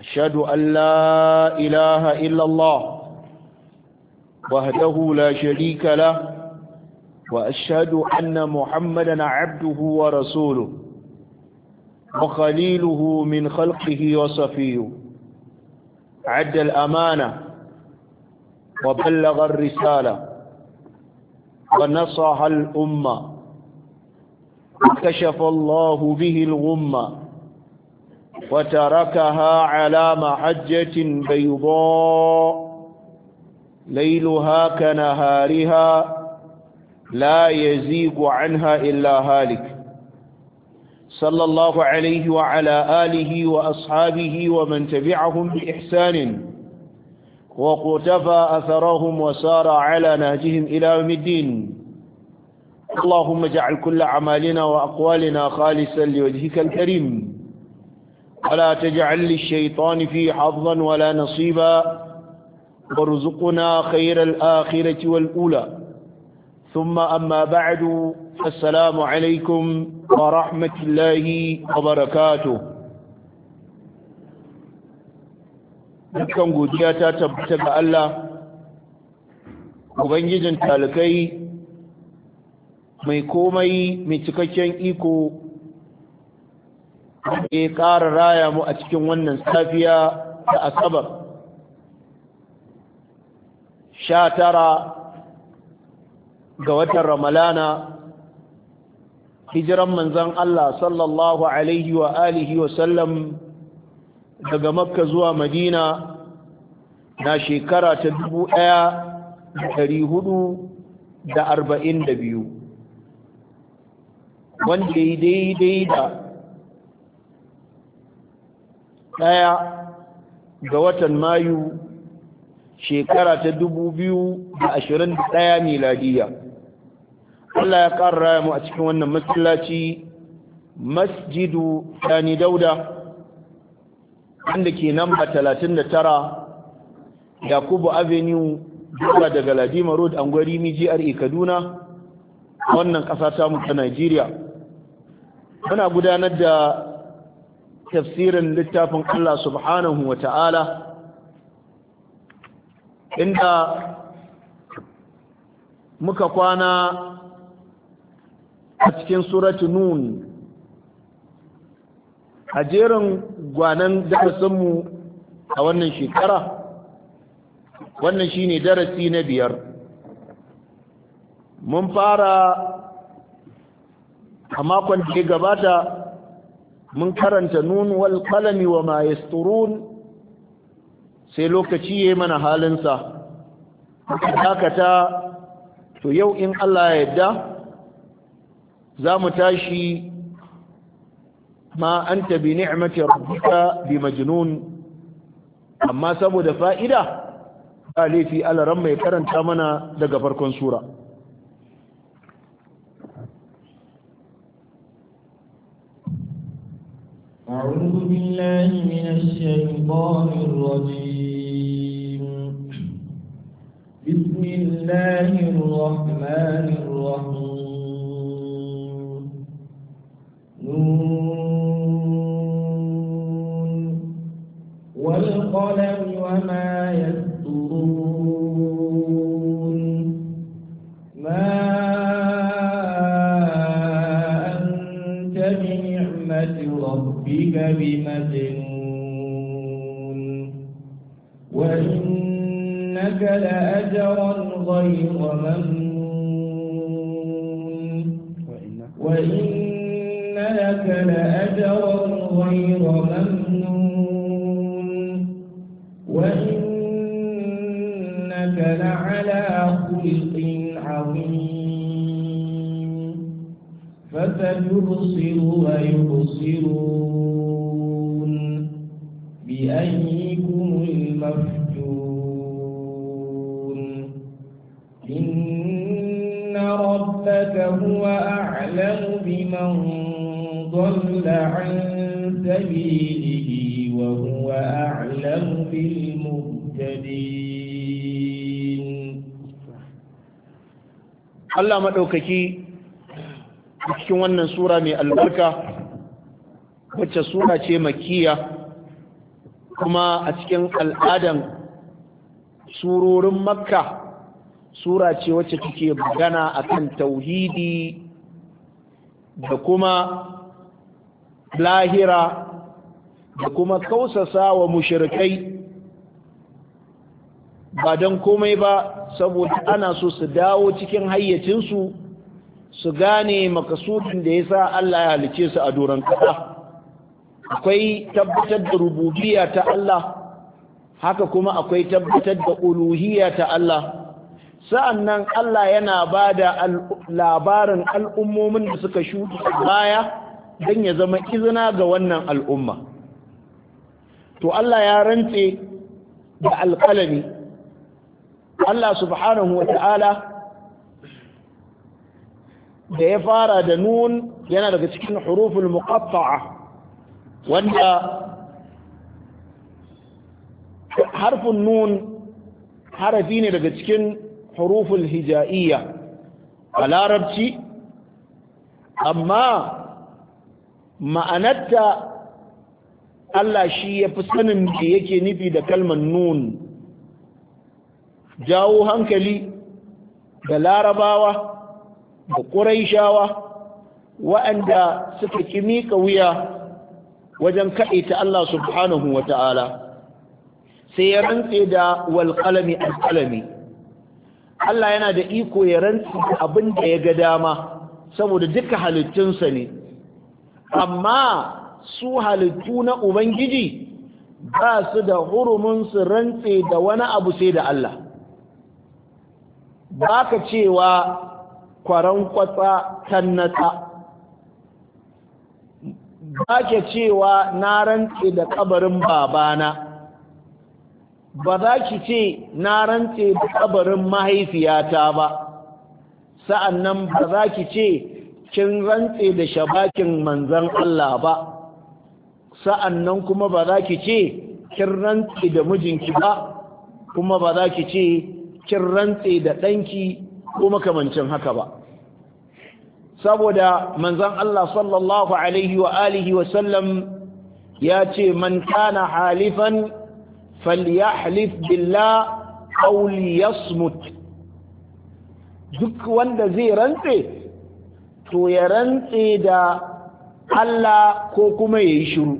أشهد أن لا إله إلا الله وحده لا شريك له وأشهد أن محمدا عبده ورسوله وخليله من خلقه وصفيه عد الأمانة وبلغ الرسالة ونصح الأمة وكشف الله به الغمّة وتركها على محجة بيضاء ليلها كنهارها لا يزيغ عنها إلا هالك صلى الله عليه وعلى آله وأصحابه ومن تبعهم بإحسان وقتفى أثرهم وسار على نهجهم إلى يوم الدين اللهم اجعل كل عمالنا وأقوالنا خالصا لوجهك الكريم ولا تجعل للشيطان في حظا ولا نصيبا وارزقنا خير الآخرة والأولى ثم أما بعد السلام عليكم ورحمة الله وبركاته dukkan godiya ta tabbata ga Allah ubangijin talakai mai komai mai cikakken iko ya ƙara raya mu a cikin wannan safiya ta asabar sha tara ga watan ramalana hijiran manzan Allah sallallahu alaihi wa alihi wa sallam daga makka zuwa madina na shekara ta dubu ɗaya da ɗari hudu da arba'in da biyu wanda ya daidai da ɗaya ga watan mayu shekara ta dubu biyu da ashirin da ɗaya miladiya Allah ya ƙara raya mu a cikin wannan masallaci masjidu ɗani dauda wanda ke ba talatin da tara yakubu avenue zuwa daga ladima road an gwari mijiyar e, kaduna wannan ƙasa tamu ta Najeriya. muna gudanar da tafsirin littafin Allah subhanahu wa ta'ala inda muka kwana a cikin suratu nun a jerin gwanan darasinmu a wannan shekara wannan shine darasi na biyar mun fara a makon da ya gabata mun karanta nun wal qalami wa ma yasturun sai lokaci yayi mana halinsa dakata to yau in Allah ya yarda za mu tashi ma anta bi ni'mati rabbika bi majnun amma saboda fa'ida ba laifi alaran mai karanta mana daga farkon sura أعوذ بالله من الشيطان الرجيم بسم الله الرحمن الرحيم نون والقلم وما يسر لأجرا غير ممنون وإن لك لأجرا غير ممنون وإنك لعلى خلق عظيم فتبصر ويبصرون بأيكم المفتون فهو أعلم بمن ضل عن سبيله وهو أعلم بالمهتدين الله مدوككي cikin wannan sura mai albarka wacce sura ce makiya kuma a cikin al'adan surorin makka sura ce wacce take magana akan tauhidi da kuma lahira da kuma kausasa wa mushrikai ba don komai ba saboda ana so su dawo cikin hayyacinsu su gane makasudin da ya sa Allah ya halice su a doron kasa akwai tabbatar da rububiya ta Allah haka kuma akwai tabbatar da uluhiya ta Allah sa'annan Allah yana ba da labarin al'ummomin da suka shuɗi baya don ya zama izina ga wannan al'umma to Allah ya rantse da alƙalami Allah subhanahu wa ta'ala da ya fara da nun yana daga cikin huruful muqatta'a wanda harfin nun harafi ne daga cikin huruful hija'iyya a larabci amma ma'anarta Allah shi ya fi sanin da yake nufi da kalmar nun jawo hankali da larabawa da ƙuraishawa waɗanda suka ƙi miƙa wuya wajen kaɗaita Allah subhanahu wa ta'ala sai ya rantse da walƙalami alƙalami Allah yana da iko ya rantsi abin da ya ga dama saboda duka halittunsa ne amma su halittu na ubangiji ba su da hurumin su rantse da wani abu sai da Allah ba ka cewa kwaran kwatsa ba ka cewa na rantse da kabarin babana ba za ki ce na rantse da kabarin mahaifiyata ba sa'an nan ba za ki ce kin rantse da shabakin manzan Allah ba sa'an nan kuma ba za ki ce kin rantse da mijinki ba kuma ba za ki ce kin rantse da ɗanki ko makamancin haka ba saboda manzan Allah sallallahu alaihi wa alihi ya ce man kana halifan falyahlif billah aw liyasmut duk wanda zai rantse to ya rantse da Allah ko kuma yayi shiru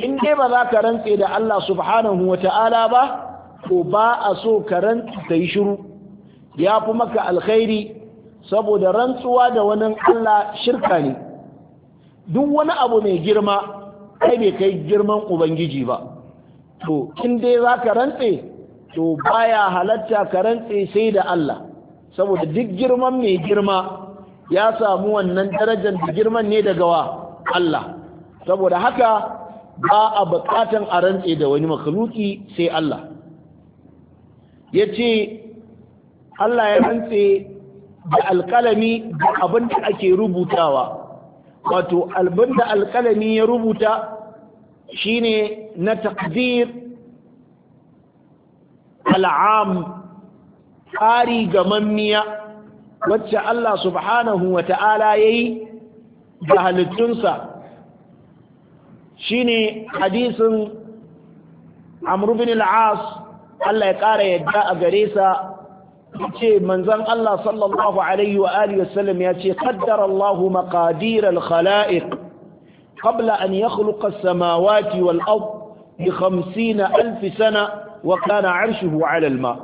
in dai ba za ka rantse da Allah subhanahu wata'ala ba ko ba a so ka rantse ka yi shiru ya fi maka alkhairi saboda rantsuwa da wani Allah shirka ne duk wani abu mai girma kai bai kai girman ubangiji ba to in dai za ka rantse to baya halatta ka rantse sai da Allah saboda duk girman mai girma ya samu wannan darajar da girman ne daga wa Allah saboda haka ba a bukatan a rantse da wani makaluki sai Allah ya ce Allah ya rantse da alƙalami da abin da ake rubutawa wato abin da alkalami ya rubuta shine na takdir al'am tsari ga mammiya wacce Allah subhanahu wa ta'ala ya yi ga halittunsa shine hadisin amrubin al'as Allah ya ƙara yadda a gare sa ce manzan Allah sallallahu Alaihi wa Alihi wasallam ya ce, "Kaddar Allahu maƙadir al Kabla an yakhluqa as-samawati wal ard bi 50000 sana wa kana 'arshuhu 'ala ma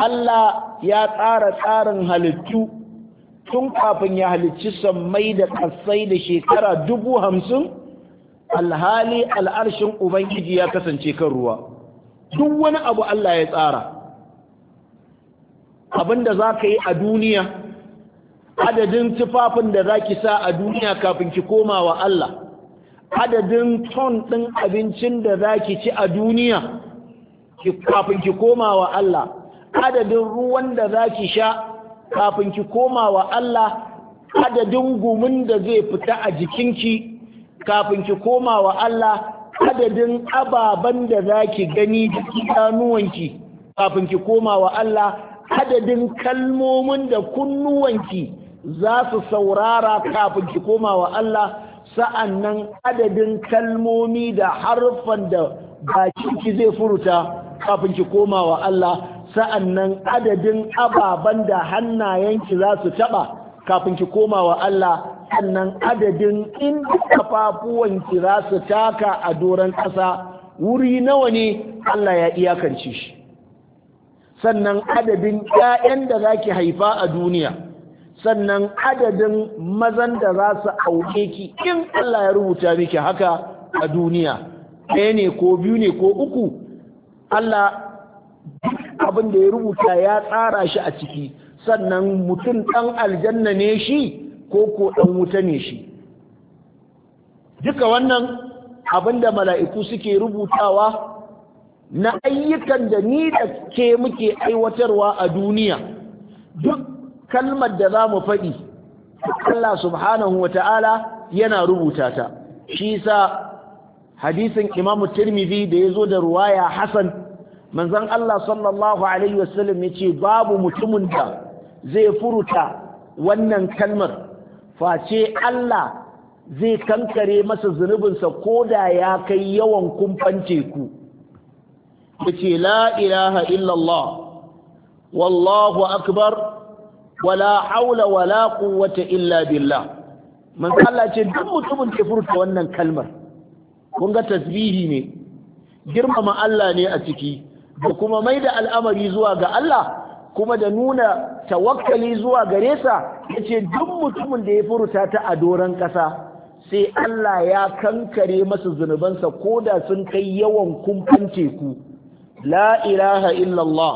Allah ya tsara tsarin halittu tun kafin ya halicci sammai da kasai da shekara dubu hamsin alhali al'arshin ubangiji ya kasance kan ruwa duk wani abu Allah ya tsara abinda za ka yi a duniya adadin tufafin da za ki sa a duniya kafin ki koma wa Allah adadin ton ɗin abincin da za ki ci a duniya kafin ki koma wa Allah adadin ruwan da za ki sha kafin ki koma wa Allah adadin gumin da zai fita a jikinki kafin ki koma wa Allah adadin ababen da za ki gani da idanuwanki kafin ki koma wa Allah adadin kalmomin da kunnuwanki za su saurara kafin ki koma wa Allah sa'annan adadin kalmomi da harfan da ki zai furuta kafin ki koma wa Allah sa'annan adadin ababen da hannayenki za su taba kafin ki koma wa Allah sannan adadin inda kafafuwanki za su taka a doron ƙasa wuri nawa ne Allah ya iyakance shi sannan adadin 'ya'yan da za ki haifa a duniya sannan adadin mazan da za su auke ki in Allah ya rubuta miki haka a duniya ɗaya ne ko biyu ne ko uku Allah abin da ya rubuta ya tsara shi a ciki sannan mutum ɗan aljanna ne shi ko ko ɗan wuta ne shi duka wannan abin da mala'iku suke rubutawa na ayyukan da ni da ke muke aiwatarwa a duniya duk kalmar da za mu faɗi Allah subhanahu wa ta'ala yana rubuta ta shi sa hadisin imamu tirmidhi da ya zo da ruwaya hasan manzon Allah sallallahu alaihi wasallam ya ce babu mutumin da zai furuta wannan kalmar face Allah zai kankare masa zunubinsa ko da ya kai yawan kumfan teku ya ce la ilaha illallah wallahu akbar wala haula wala quwwata illa billah manzo Allah ce duk mutumin da furta wannan kalmar kun ga tasbihi ne girmama Allah ne a ciki da kuma mai da al'amari zuwa ga Allah kuma da nuna tawakkali zuwa gare sa yace duk mutumin da ya furta ta a doran kasa sai Allah ya kankare masa zunubansa koda sun kai yawan kumfan teku la ilaha illallah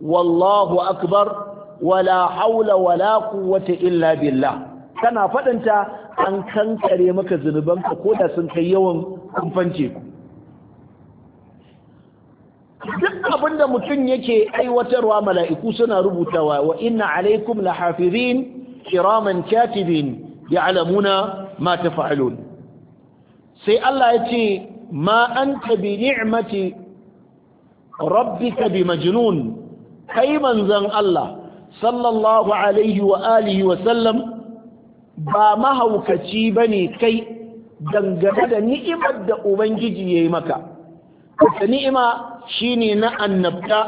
wallahu akbar wala haula wala quwwata illa billah kana fadanta an kankare maka zunubanka ko da sun kai yawan kumfance ku duk abinda mutum yake aiwatarwa mala'iku suna rubutawa wa inna alaikum lahafizin kiraman katibin ya'lamuna ma tafa'alun sai Allah ya ce ma anta bi ni'mati rabbika bi majnun kai manzon Allah sallallahu alaihi wa alihi wa sallam ba mahaukaci ne kai dangane da ni'imar da ubangiji yayi maka wata ni'ima shine na annabta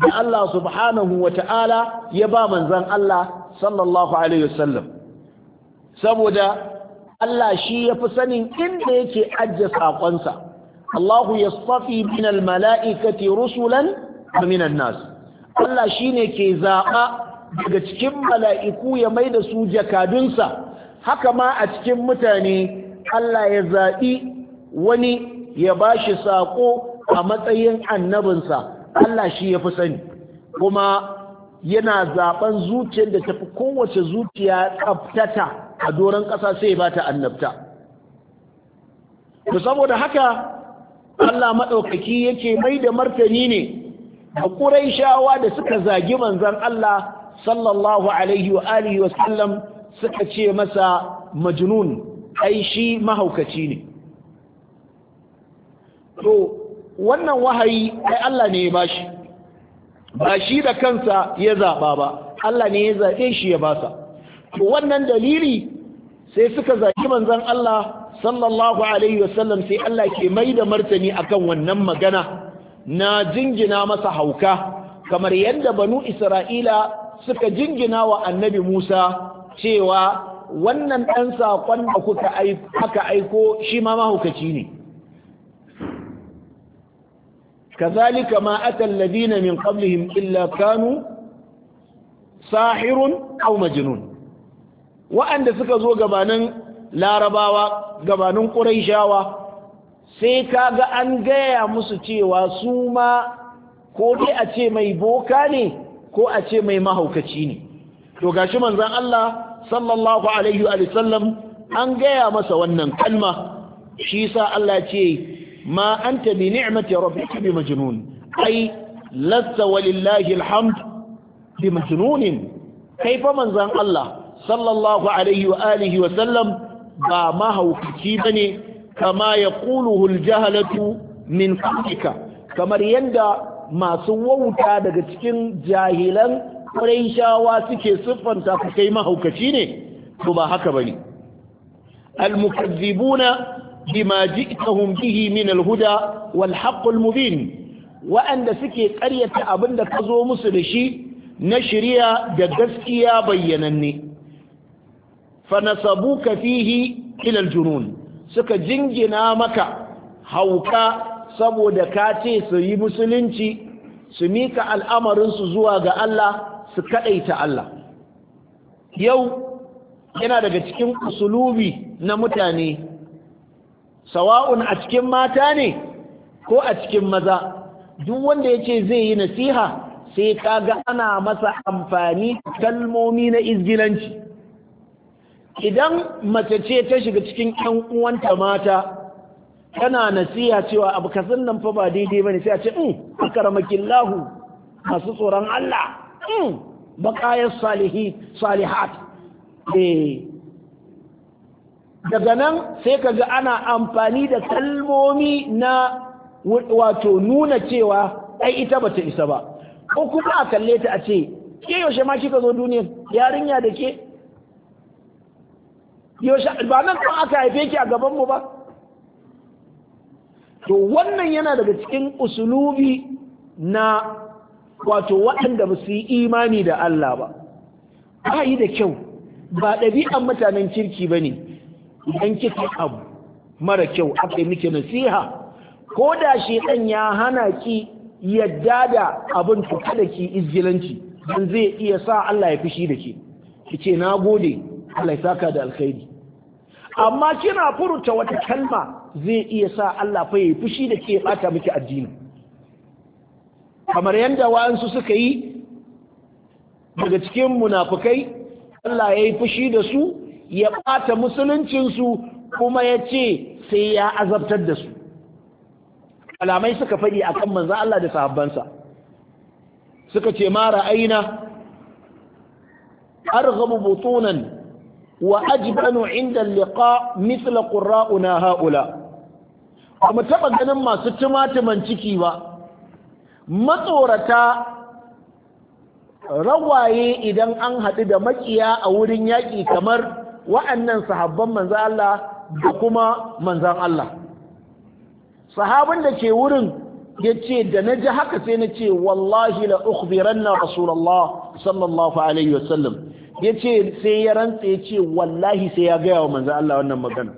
da Allah subhanahu wa ta'ala ya ba manzan Allah sallallahu alaihi wa sallam saboda Allah shi ya fi sanin inda yake ajiye saƙonsa Allahu yastafi min al-mala'ikati rusulan wa allah shi ne ke zaɓa daga cikin mala'iku ya mai da su jakadunsa haka ma a cikin mutane Allah ya zaɓi wani ya ba shi saƙo a matsayin annabinsa Allah shi ya fi sani kuma yana zaɓen zuciyar da tafi kowace zuciya tsaftata a doron ƙasa sai ba ta annabta to saboda haka Allah maɗaukaki yake mai da martani ne a ƙuraishawa da suka zagi manzan Allah sallallahu alaihi wa alihi wa sallam suka ce masa majnun ai shi mahaukaci ne to wannan wahayi ai Allah ne ya bashi ba shi da kansa ya zaba ba Allah ne ya zaɓe shi ya basa to wannan dalili sai suka zaki manzon Allah sallallahu alaihi wasallam sai Allah ke mai da martani akan wannan magana na jingina masa hauka kamar yadda banu Isra'ila suka jingina wa annabi Musa cewa wannan ɗan saƙon da kuka aka aiko shi ma mahaukaci ne kazalika ma atal ladina min qablihim illa kanu sahirun aw majnun wa'anda suka zo gabanin larabawa gabanin ƙuraishawa sai kaga an gaya musu cewa su ma ko dai a ce mai boka ne ko a ce mai mahaukaci ne to gashi manzan Allah sallallahu alaihi wa sallam an gaya masa wannan kalma shi sa Allah ce ma anta bi ni'mati rabbika bi majnun ai lasta walillahi alhamd bi majnun kai fa manzon Allah sallallahu alaihi wa alihi wa sallam ba mahaukaci bane kama yaquluhu aljahlatu min qablika kamar yanda masu wauta daga cikin jahilan shawa suke siffanta ka kai mahaukaci ne to ba haka bane al-mukazzibuna bima ji'tahum bihi min alhuda huda wal haqq Waɗanda mubin wa'anda suke ƙaryata abinda ka zo musu da shi na shari'a da gaskiya bayyananne fa nasabuka fihi ila junun suka jingina maka hauka saboda ka ce su yi musulunci su mika al'amarinsu zuwa ga Allah su kaɗaita Allah yau yana daga cikin usulubi na mutane sawa'un a cikin mata ne ko a cikin maza duk wanda ya ce zai yi nasiha sai kaga ana masa amfani kalmomi na izgilanci idan mace ce ta shiga cikin 'yan uwanta mata kana nasiha cewa abu kasan nan fa ba daidai bane sai a ce in mm, Lahu masu tsoron Allah in mm, baqayas salihi salihat eh daga nan sai kaga ana amfani da kalmomi na wato nuna cewa ai ita bata isa ba ko kuma a kalle ta a ce ke yaushe ma kika zo duniya, yarinya da ke yaushe ba nan ko aka haife ki a gaban mu ba to wannan yana daga cikin usulubi na wato waɗanda ba su yi imani da Allah ba ba yi da kyau ba ɗabi'an mutanen kirki ba ne idan kika abu mara kyau aka yi miki nasiha ko da shi ɗan ya hana ki yadda da abin ku kada ki izgilanci don zai iya sa Allah ya fushi da ke ki ce na gode Allah ya saka da alkhairi amma kina furta wata kalma zai iya sa Allah fa yi fushi da ke bata miki addini kamar yadda wa'ansu suka yi daga cikin munafukai Allah ya yi fushi da su ya bata musuluncinsu kuma ya ce sai ya azabtar da su alamai suka faɗi a kan manzan Allah da sahabbansa suka ce mara aina arghabu butunan wa ajbanu inda liqa mithla qurra'una haula ba mu taɓa ganin masu tumatuman ciki ba matsorata rawaye idan an haɗu da makiya a wurin yaƙi kamar wa'annan sahabban manzan Allah da kuma manzan Allah sahabin da ke wurin ya ce da na ji haka sai na ce wallahi la ukhbiran na rasulallah sallallahu alaihi wasallam ya ce sai ya rantse ya ce wallahi sai ya gaya wa manzan Allah wannan magana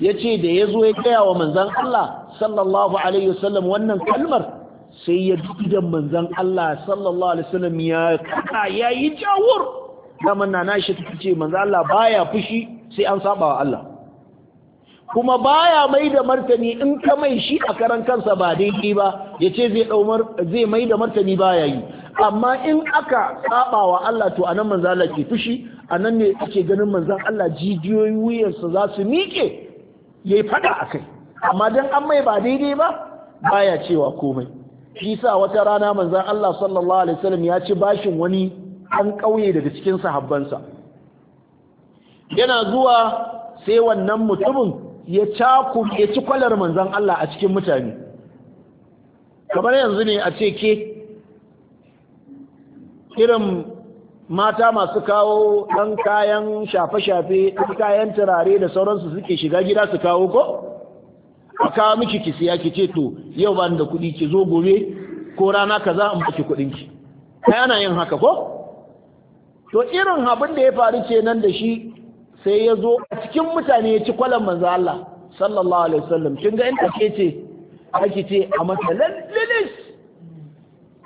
ya ce da ya zo ya gaya wa manzan Allah sallallahu alaihi wasallam wannan kalmar sai ya da manzan Allah sallallahu alaihi wasallam ya kaka ya yi jawur daman na nashi ta ce manzan Allah baya fushi sai an saba wa Allah kuma baya mai da martani in ka mai shi a karan kansa ba daidai ba ya ce zai mai da martani baya yi amma in aka saba wa Allah to anan manzan Allah ke fushi anan ne ake ganin manzan Allah jijiyoyin wuyarsa za su miƙe ya yi faɗa a kai amma don an mai ba daidai ba baya cewa komai shi sa wata rana manzan Allah sallallahu alaihi wasallam ya ci bashin wani an ƙauye daga cikin sahabbansa yana zuwa sai wannan mutumin ya ya ci kwalar manzan Allah a cikin mutane kamar yanzu ne a ce ke irin mata masu kawo ɗan kayan shafe-shafe ɗan kayan turare da sauransu suke shiga gida su kawo ko a kawo miki ki siya ki ce to yau ba da kuɗi ki zo gobe ko rana kaza in baki kuɗin ki kai ana yin haka ko to irin abin da ya faru ce nan da shi sai ya zo a cikin mutane ya ci kwalan manzo Allah sallallahu alaihi wasallam kin ga in ce ake ce a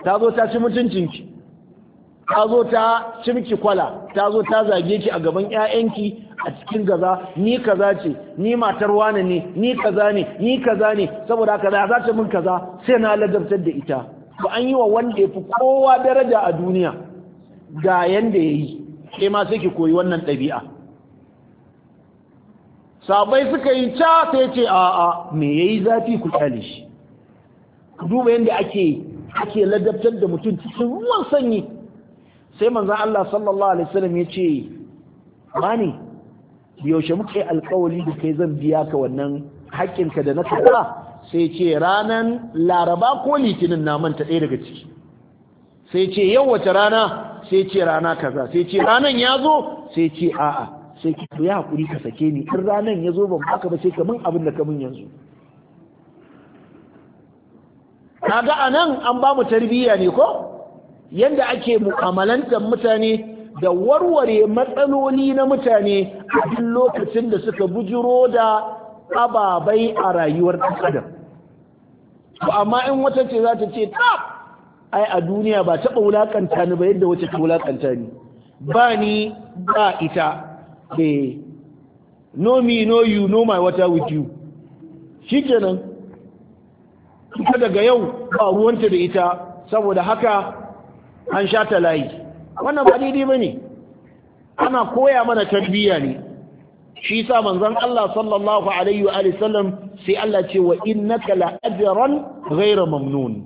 ta zo ta ci mutuncin ki. ta zo ta cimki kwala ta zo ta zage ki a gaban ƴaƴanki a cikin gaza ni kaza ce ni matar wani ne ni kaza ne ni kaza ne saboda kaza za ta min kaza sai na ladabtar da ita ba an yi wa wanda yafi kowa daraja a duniya ga yanda yayi yi sai ma sai ki koyi wannan ɗabi'a sabai suka yi ca sai ce a me yayi zafi ku kyale shi duba yadda ake ake ladabtar da mutum cikin ruwan sanyi sai manzan Allah sallallahu alaihi wasallam ya ce ne yaushe muke alkawari da kai zan biya ka wannan haƙƙinka da na karɓa sai ce ranan laraba ko litinin na manta ɗaya daga ciki sai ce yau wace rana sai ce rana kaza sai ce ranan ya zo sai ce a'a sai ki to ya haƙuri ka sake ni in ranan ya zo ban baka ba sai ka min abin da ka min yanzu kaga anan an ba mu tarbiyya ne ko yadda ake mu'amalantar mutane da warware matsaloli na mutane a duk lokacin da suka bujiro da ababai a rayuwar ɗan To amma in wata ce za ta ce ta, ai a duniya ba taɓa wulaƙanta ni ba yadda wace ta wulaƙanta ni ba ni ba ita da no me no you no my water with you shi kenan ita daga yau ba ruwanta da ita saboda haka an sha ta layi wannan ba daidai ba ne ana koya mana tarbiyya ne shi sa manzon Allah sallallahu alaihi wa sallam sai Allah ce wa innaka la ajran ghayra mamnun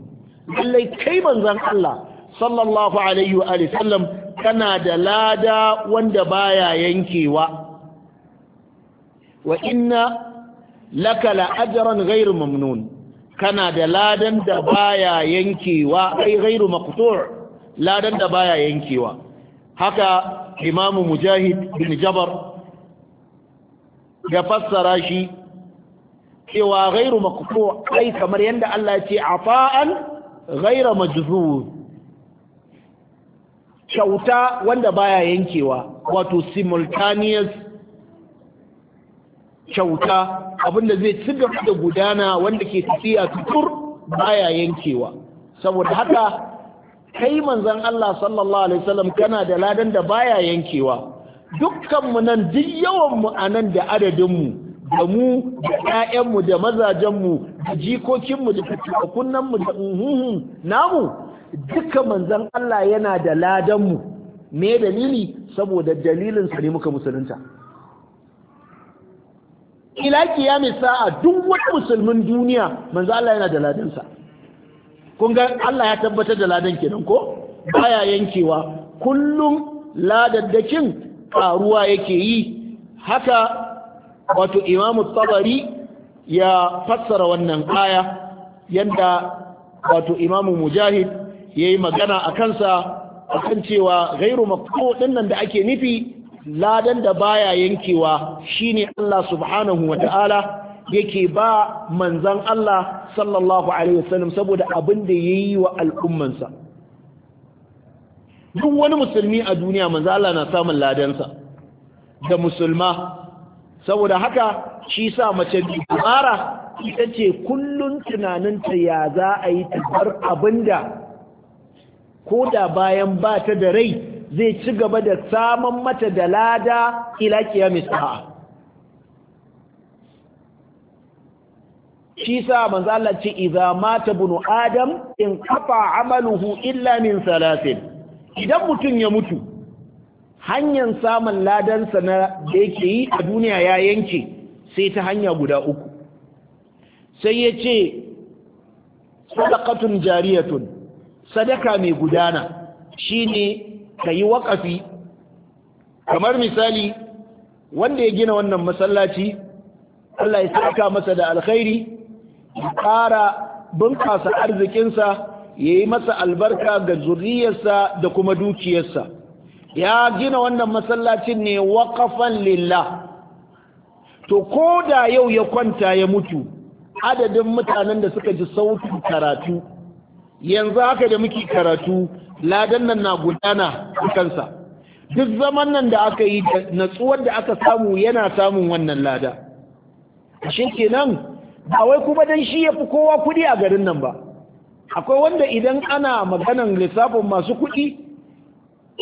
lallai kai manzon Allah sallallahu alaihi wa sallam kana da lada wanda baya yankewa wa inna laka la ajran ghayr mamnun kana da ladan da baya yankewa ai ghayr maqtu' ladan da baya yankewa haka imamu mujahid bin jabar ya fassara shi cewa gairu makufu ai kamar yadda Allah ce afa'an gaira majzud kyauta wanda baya yankewa wato simultaneous kyauta abinda zai ci gaba da gudana wanda ke tafiya tutur baya yankewa saboda haka kai manzan Allah sallallahu alaihi wasallam kana da ladan da baya yankewa dukkanmu nan duk yawanmu a nan da adadinmu da mu da ƴaƴanmu da mazajenmu da jikokinmu da kunnanmu da uhuhu namu duka manzan Allah yana da ladanmu me dalili saboda dalilin sa ne muka musulunta ila kiyamisa a duk wani musulmin duniya manzan Allah yana da ladansa kun ga Allah ya tabbatar da ladan kenan ko baya yankewa kullum ladaddakin karuwa yake yi haka wato imamu tabari ya fassara wannan aya yadda wato imamu mujahid ya yi magana a kansa a kan cewa gairu makaɗin nan da ake nufi ladan da baya yankewa shine Allah subhanahu wa ta'ala yake ba manzan Allah sallallahu alaihi wasallam saboda abin da yayi wa al'ummansa duk wani musulmi a duniya manzan Allah na samun ladansa da musulma saboda haka shi sa mace dubara ita ce kullun tunaninta ya za a yi abin abinda ko da bayan ba ta da rai zai ci gaba da saman mata da lada ila kiyamisa. shi sa manzo Allah ce idza mata bunu adam in qata amaluhu illa min salasin idan mutum ya mutu hanyar samun ladansa na da yake yi a duniya ya yanke sai ta hanya guda uku sai ya ce sadaqatun jariyatun sadaka mai gudana shine kayi wakafi kamar misali wanda ya gina wannan masallaci Allah ya saka masa da alkhairi ya ƙara bunƙasa arzikinsa ya yi masa albarka ga zuriyarsa da kuma dukiyarsa ya gina wannan masallacin ne waƙafan lilla. to ko da yau ya kwanta ya mutu adadin mutanen da suka ji sautin karatu yanzu haka da muke karatu ladan nan na gudana a kansa duk zaman nan da aka yi natsuwar da aka samu yana samun wannan lada shi kenan ba wai kuma dan shi ya fi kowa kuɗi a garin nan ba akwai wanda idan ana maganan lissafin masu kuɗi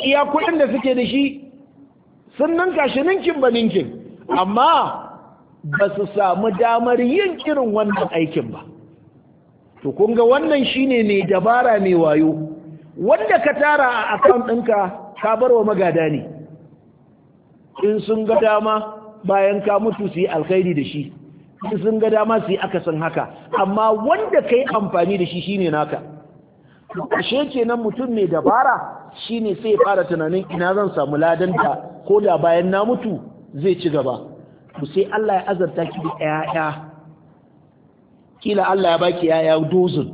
iya kuɗin da suke da shi sun ninka shi ninkin ba ninkin amma ba su samu damar yin irin wannan aikin ba to kun ga wannan shine ne dabara mai wayo wanda ka tara a akaunt ɗinka ka bar wa magada ne in sun ga dama bayan ka mutu su yi alkhairi da shi in sun ga dama su yi akasin haka amma wanda ka yi amfani da shi shine naka ashe kenan mutum mai dabara shine sai fara tunanin ina zan samu ladan da ko da bayan na mutu zai ci gaba ku sai Allah ya azarta ki da ƴaƴa kila Allah ya baki ƴaƴa dozin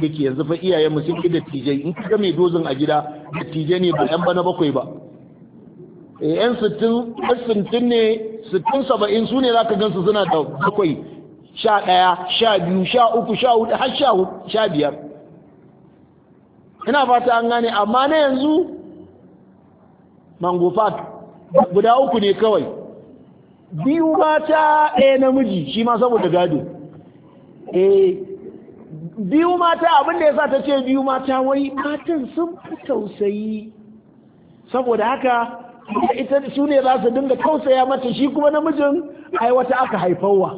da ke yanzu fa iyayen mu sun ki da in kaga mai dozin a gida da ne ba yan bana bakwai ba eh yan 60 ne sittin saba'in su ne za ka gansu suna da bakwai sha ɗaya sha biyu sha uku sha hudu har sha biyar ina fata an gane amma na yanzu mangofat guda uku ne kawai biyu mata ɗaya namiji shi ma saboda gado eh biyu mata abin da ya sa ta ce biyu mata wai matan sun fi tausayi saboda haka ita su ne za su dinga tausaya mata shi kuma namijin ai wata aka haifarwa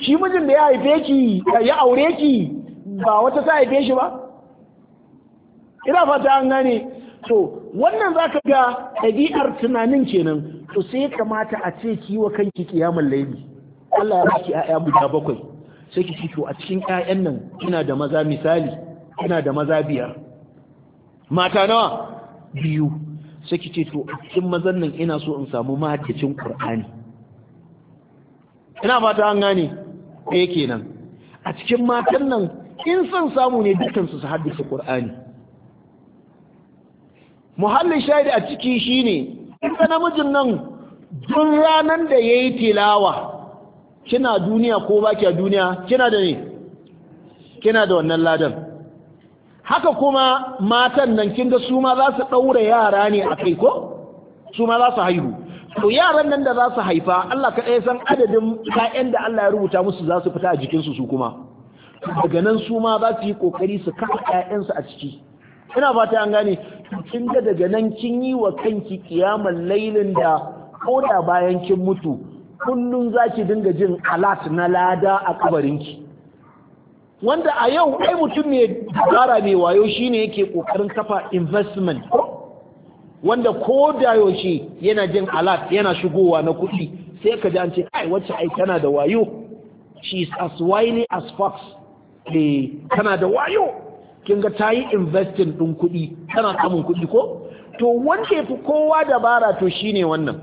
shi mijin da ya haife ki ya aure ki ba wata ta haife shi ba ina fata an gane to wannan zaka ga ɗabi'ar tunanin kenan to sai kamata a ce ki wa kanki kiyamul laili Allah ya baki ƴaƴa guda bakwai sai ki fito a cikin ƴaƴan nan kina da maza misali kina da maza biyar mata nawa biyu sai ki to a cikin mazan nan ina so in samu mahaccin Qur'ani ina fata an gane eh kenan a cikin matan nan in san samu ne dukkan su su haddace Qur'ani muhallin shahidi a ciki shine in ka namijin nan duk ranan da yayi tilawa kina duniya ko ba a duniya kina da ne kina da wannan ladan haka kuma matan nan kin ga su ma za su ɗaura yara ne a kai ko su ma za su haihu to yaran nan da za su haifa Allah ka ɗaya san adadin kayan da Allah ya rubuta musu za su fita a jikinsu su kuma daga nan su ma za su yi kokari su kafa ƴaƴansu a ciki ina fata an gane kin ga daga nan kin yi wa kanki kiyamar lailin da da bayan kin mutu kullun zaki dinga jin alat na lada a ki. wanda a yau ai mutum ne gara mai wayo shine yake kokarin kafa investment wanda ko da yaushe yana jin alat yana shigowa na kuɗi sai ka ji an ce ai wacce ai tana da wayo she is as wily as fox eh tana da wayo kin ga tayi investing din kuɗi tana samun kuɗi ko to wanda yafi kowa dabara to shine wannan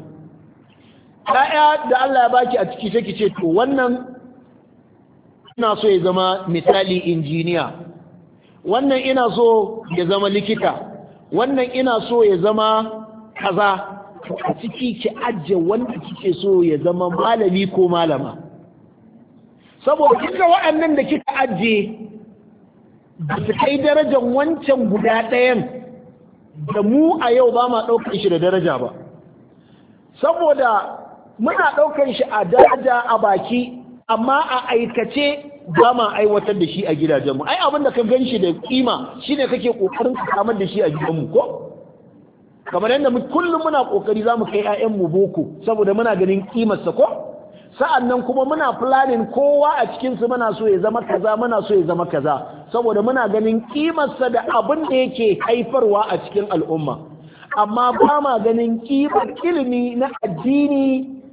Ya'ya da Allah ya baki a ciki take ce to wannan ina so ya zama misali injiniya wannan ina so ya zama likita wannan ina so ya zama kaza a ciki ki ajiye wanda kike so ya zama malami ko malama saboda kika waɗannan da kika ajiye ba su kai darajar wancan guda ɗayan da mu a yau ba ma ɗaukar shi da daraja ba saboda muna ɗaukar shi a daraja a baki amma a aikace ba ma aiwatar da shi a gidajenmu ai abin da ka gan shi da kima shi ne kake kokarin samar da shi a gidanmu ko kamar yadda kullum muna kokari za mu kai 'ya'yanmu boko saboda muna ganin kimarsa ko sa'annan kuma muna planning kowa a cikinsu muna so ya zama kaza muna so ya zama kaza saboda muna ganin ƙimarsa da abin da yake haifarwa a cikin al'umma amma ba ma ganin kimar ilimi na addini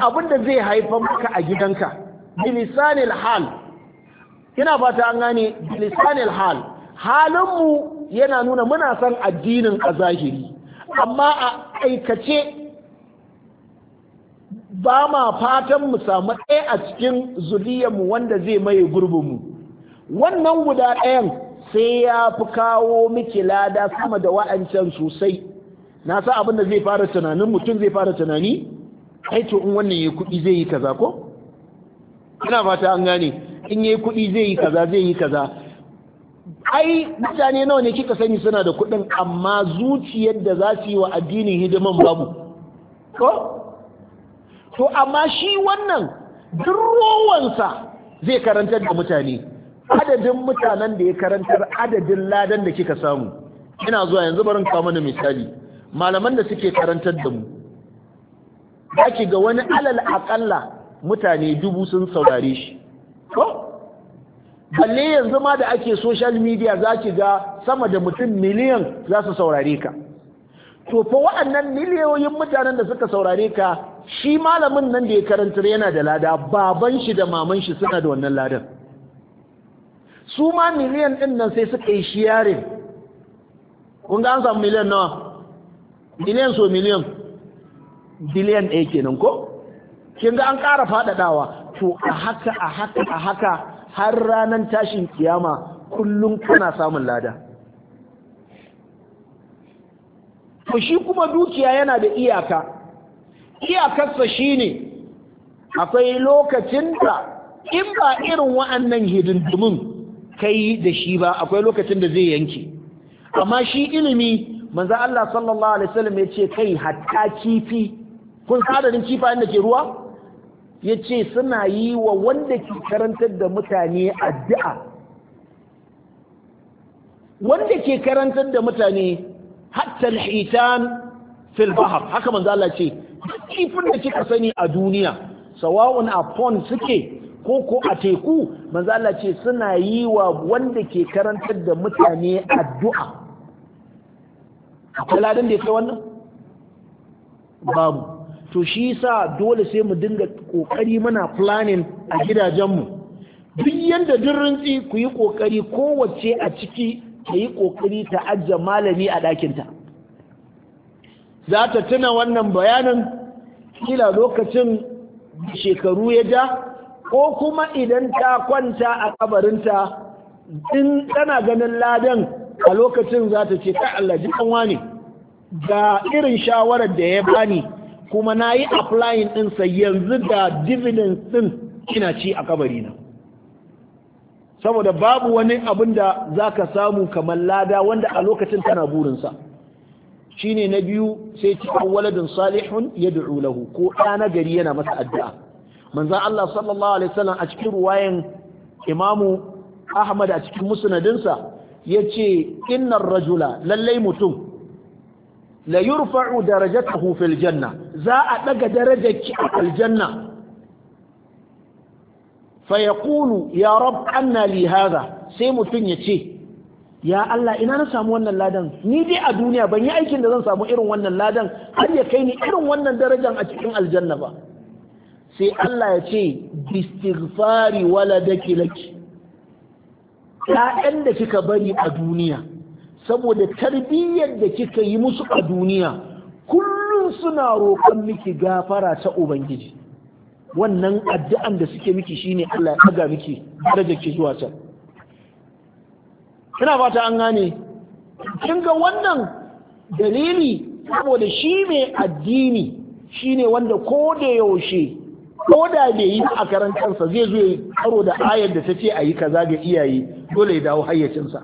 abin da zai haifar maka a gidanka bilisanil hal ina fata an gane bilisanil hal halinmu yana nuna muna san addinin a zahiri amma a aikace ba ma fatan mu samu ɗaya a cikin mu wanda zai maye gurbinmu wannan guda ɗayan sai ya fi kawo miki lada sama da wa'ancan sosai na sa abin da zai fara tunanin mutum zai fara tunani ai to in wannan yayi kuɗi zai yi kaza ko ina fata an gane in yayi kuɗi zai yi kaza zai yi kaza ai mutane nawa ne kika sani suna da kuɗin amma zuciyar da za su yi wa addinin hidiman babu ko to amma shi wannan duk rowansa zai karantar da mutane adadin mutanen da ya karantar adadin ladan da kika samu ina zuwa yanzu barin kawo mana misali malaman da suke karantar da mu ki ga wani alal akalla mutane dubu sun saurare shi ko balle yanzu ma da ake social media za ki ga sama da mutum miliyan za su saurare ka to fa waɗannan miliyoyin mutanen da suka saurare ka shi malamin nan da ya karantar yana da lada baban shi da maman shi suna da wannan ladan su ma miliyan ɗin nan sai suka yi shiyarin kun ga an samu miliyan nawa miliyan so miliyan biliyan ɗaya kenan ko kin ga an ƙara faɗaɗawa to a haka a haka a haka har ranar tashin kiyama kullum kana samun lada to shi kuma dukiya yana da iyaka iyakarsa shi ne. akwai lokacin da in ba irin wa'annan hidindumin kai da shi ba akwai lokacin da zai yanke amma shi ilimi manzo Allah sallallahu alaihi wasallam ya ce kai hatta kifi kun sadarin kifayen da ke ruwa ya ce suna yi wa wanda ke karantar da mutane addu'a wanda ke karantar da mutane hatta hitan fil haka manzo Allah ce kifin da kika sani a duniya sawa'un a pond suke ko ko a teku manzo Allah ce suna yi wa wanda ke karantar da mutane addu'a akwai ladan da ya kai wannan babu to shi sa dole sai mu dinga kokari muna planning a gidajenmu duk yanda duk rintsi ku yi kokari kowace a ciki ta yi kokari ta ajiye malami a ɗakinta za ta tuna wannan bayanin kila lokacin shekaru ya ja ko kuma idan ta kwanta a kabarinta in tana ganin ladan a lokacin za ta ce ka Allah ji ne ga irin shawarar da ya bani kuma na yi applying ɗinsa yanzu da dividends ɗin ina ci a kabari na. saboda babu wani abin da za ka samu kamar lada wanda a lokacin tana burinsa shi ne na biyu sai ci waladin salihun ya da'u lahu ko ɗana gari yana masa addu'a manzan Allah sallallahu alaihi wasallam a cikin ruwayan imamu Ahmad a cikin musnadinsa ya ce innar rajula lallai mutum la yurfa'u ta fil janna za a daga darajar ki a aljanna fa yaqulu ya rab anna li hadha sai mutun yace ya Allah ina na samu wannan ladan ni dai a duniya ban yi aikin da zan samu irin wannan ladan har ya kai ni irin wannan darajar a cikin aljanna ba sai Allah ya ce bistighfari waladaki laki ya'yan da kika bari a duniya saboda tarbiyyar da kika yi musu a duniya kullum suna roƙon miki gafara ta ubangiji wannan addu'an da suke miki shine Allah ya ɗaga miki daraja ki zuwa can ina fata an gane kin ga wannan dalili saboda shi mai addini shine wanda ko da yaushe ko da bai yi a karan zai zo ya karo da ayar da ta ce a yi kaza ga iyaye dole ya dawo hayyacinsa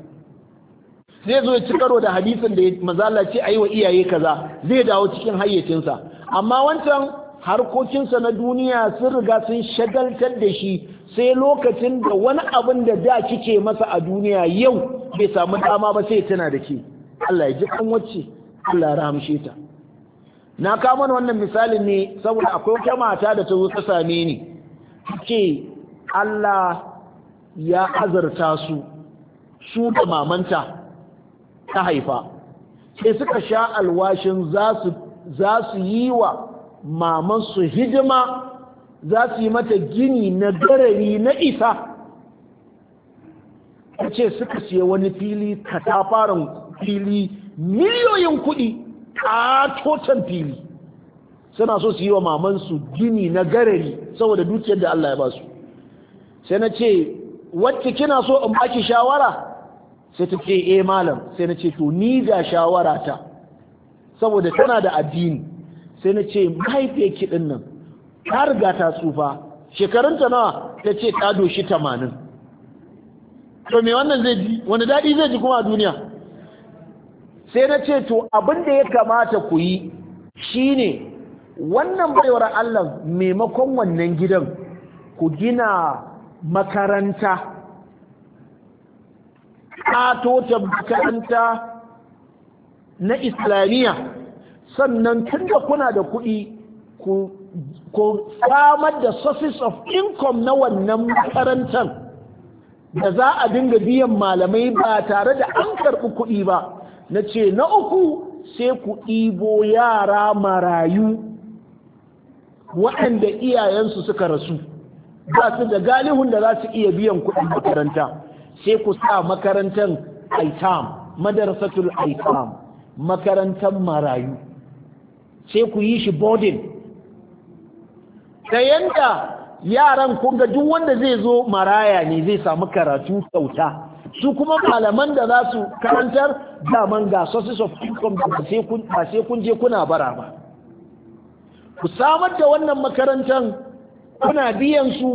zai zo ya ci karo da hadisin da mazala ce a yi wa iyaye kaza zai dawo cikin hayyacinsa amma wancan harkokinsa na duniya sun riga sun shagaltar da shi sai lokacin da wani abin da da kike masa a duniya yau bai samu dama ba sai tana da ke Allah ya ji kan Allah ya rahamshe ta na kama wannan misalin ne saboda akwai wata mata da ta zo ta same ni ce Allah ya azarta su su da mamanta ta haifa sai suka sha alwashin za su yi wa mamansu hidima za su yi mata gini na garari na isa ta ce suka siya wani fili katafaren fili miliyoyin kuɗi katotan fili suna so su yi wa mamansu gini na garari saboda dukiyar da Allah ya ba su sai na ce wacce kina so in baki shawara sai ta ce eh malam sai na ce to ni ga shawara ta saboda tana da addini sai na ce mahaifiyar kiɗin nan ta riga ta tsufa shekarun ta nawa ta ce ta doshi 80 to me wannan zai ji wani daɗi zai ji kuma a duniya sai na ce to abin da ya kamata ku yi shine wannan baiwar Allah maimakon wannan gidan ku gina makaranta kato ta makaranta na islamiyya sannan tunda kuna da kuɗi ko samar da sources of income na wannan makarantar da za a dinga biyan malamai ba tare da an karɓi kuɗi ba na ce na uku sai ku ɗibo yara marayu waɗanda iyayensu suka rasu ba su da galihun da za su iya biyan kuɗin makaranta sai ku sa makarantar aitam madarsatul aitam makarantar marayu sai ku yi shi boarding ta yanda yaran kunga duk wanda zai zo maraya ne zai samu karatu kyauta su kuma malaman da za su karantar daman ga sources of income da ba sai kun je kuna bara ba ku samar da wannan makarantar kuna biyan su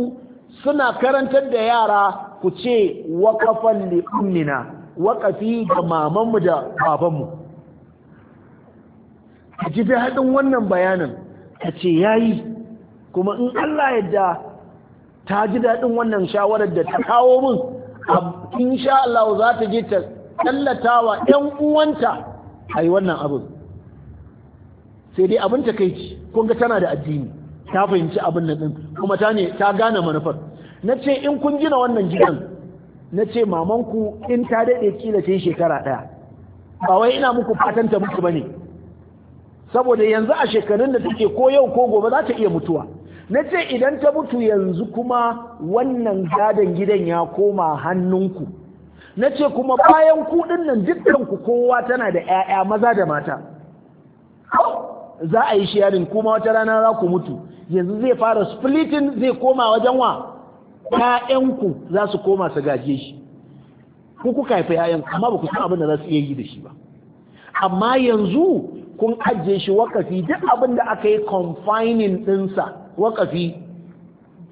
suna karantar da yara ku ce waƙafan liƙunina waƙafi ga mamanmu da babanmu ka ji daɗin wannan bayanin ka ce ya yi kuma in Allah yadda ta ji daɗin wannan shawarar da ta kawo min sha Allah za ta je ta wa 'yan uwanta a yi wannan abin sai dai abin ta kai ci kunga tana da addini ta fahimci abin nan ɗin kuma ne ta gane manufar na ce in kun gina wannan gidan na ce mamanku in ta daɗe kila ce shekara ɗaya ba wai ina muku fatan ta mutu bane saboda yanzu a shekarun da take ko yau ko gobe za ta iya mutuwa na ce idan ta mutu yanzu kuma wannan gadon gidan ya koma hannunku na ce kuma bayan kuɗin nan dukkanku kowa tana da 'ya'ya maza da mata za a yi sharing kuma wata rana za ku mutu yanzu zai fara splitting zai koma wajen wa ƴaƴanku za su koma su gaje shi ku kuka haifi ƴaƴan amma ba ku san abin da za su iya yi da shi ba amma yanzu kun ajiye shi wakafi duk abin da aka yi confining ɗinsa wakafi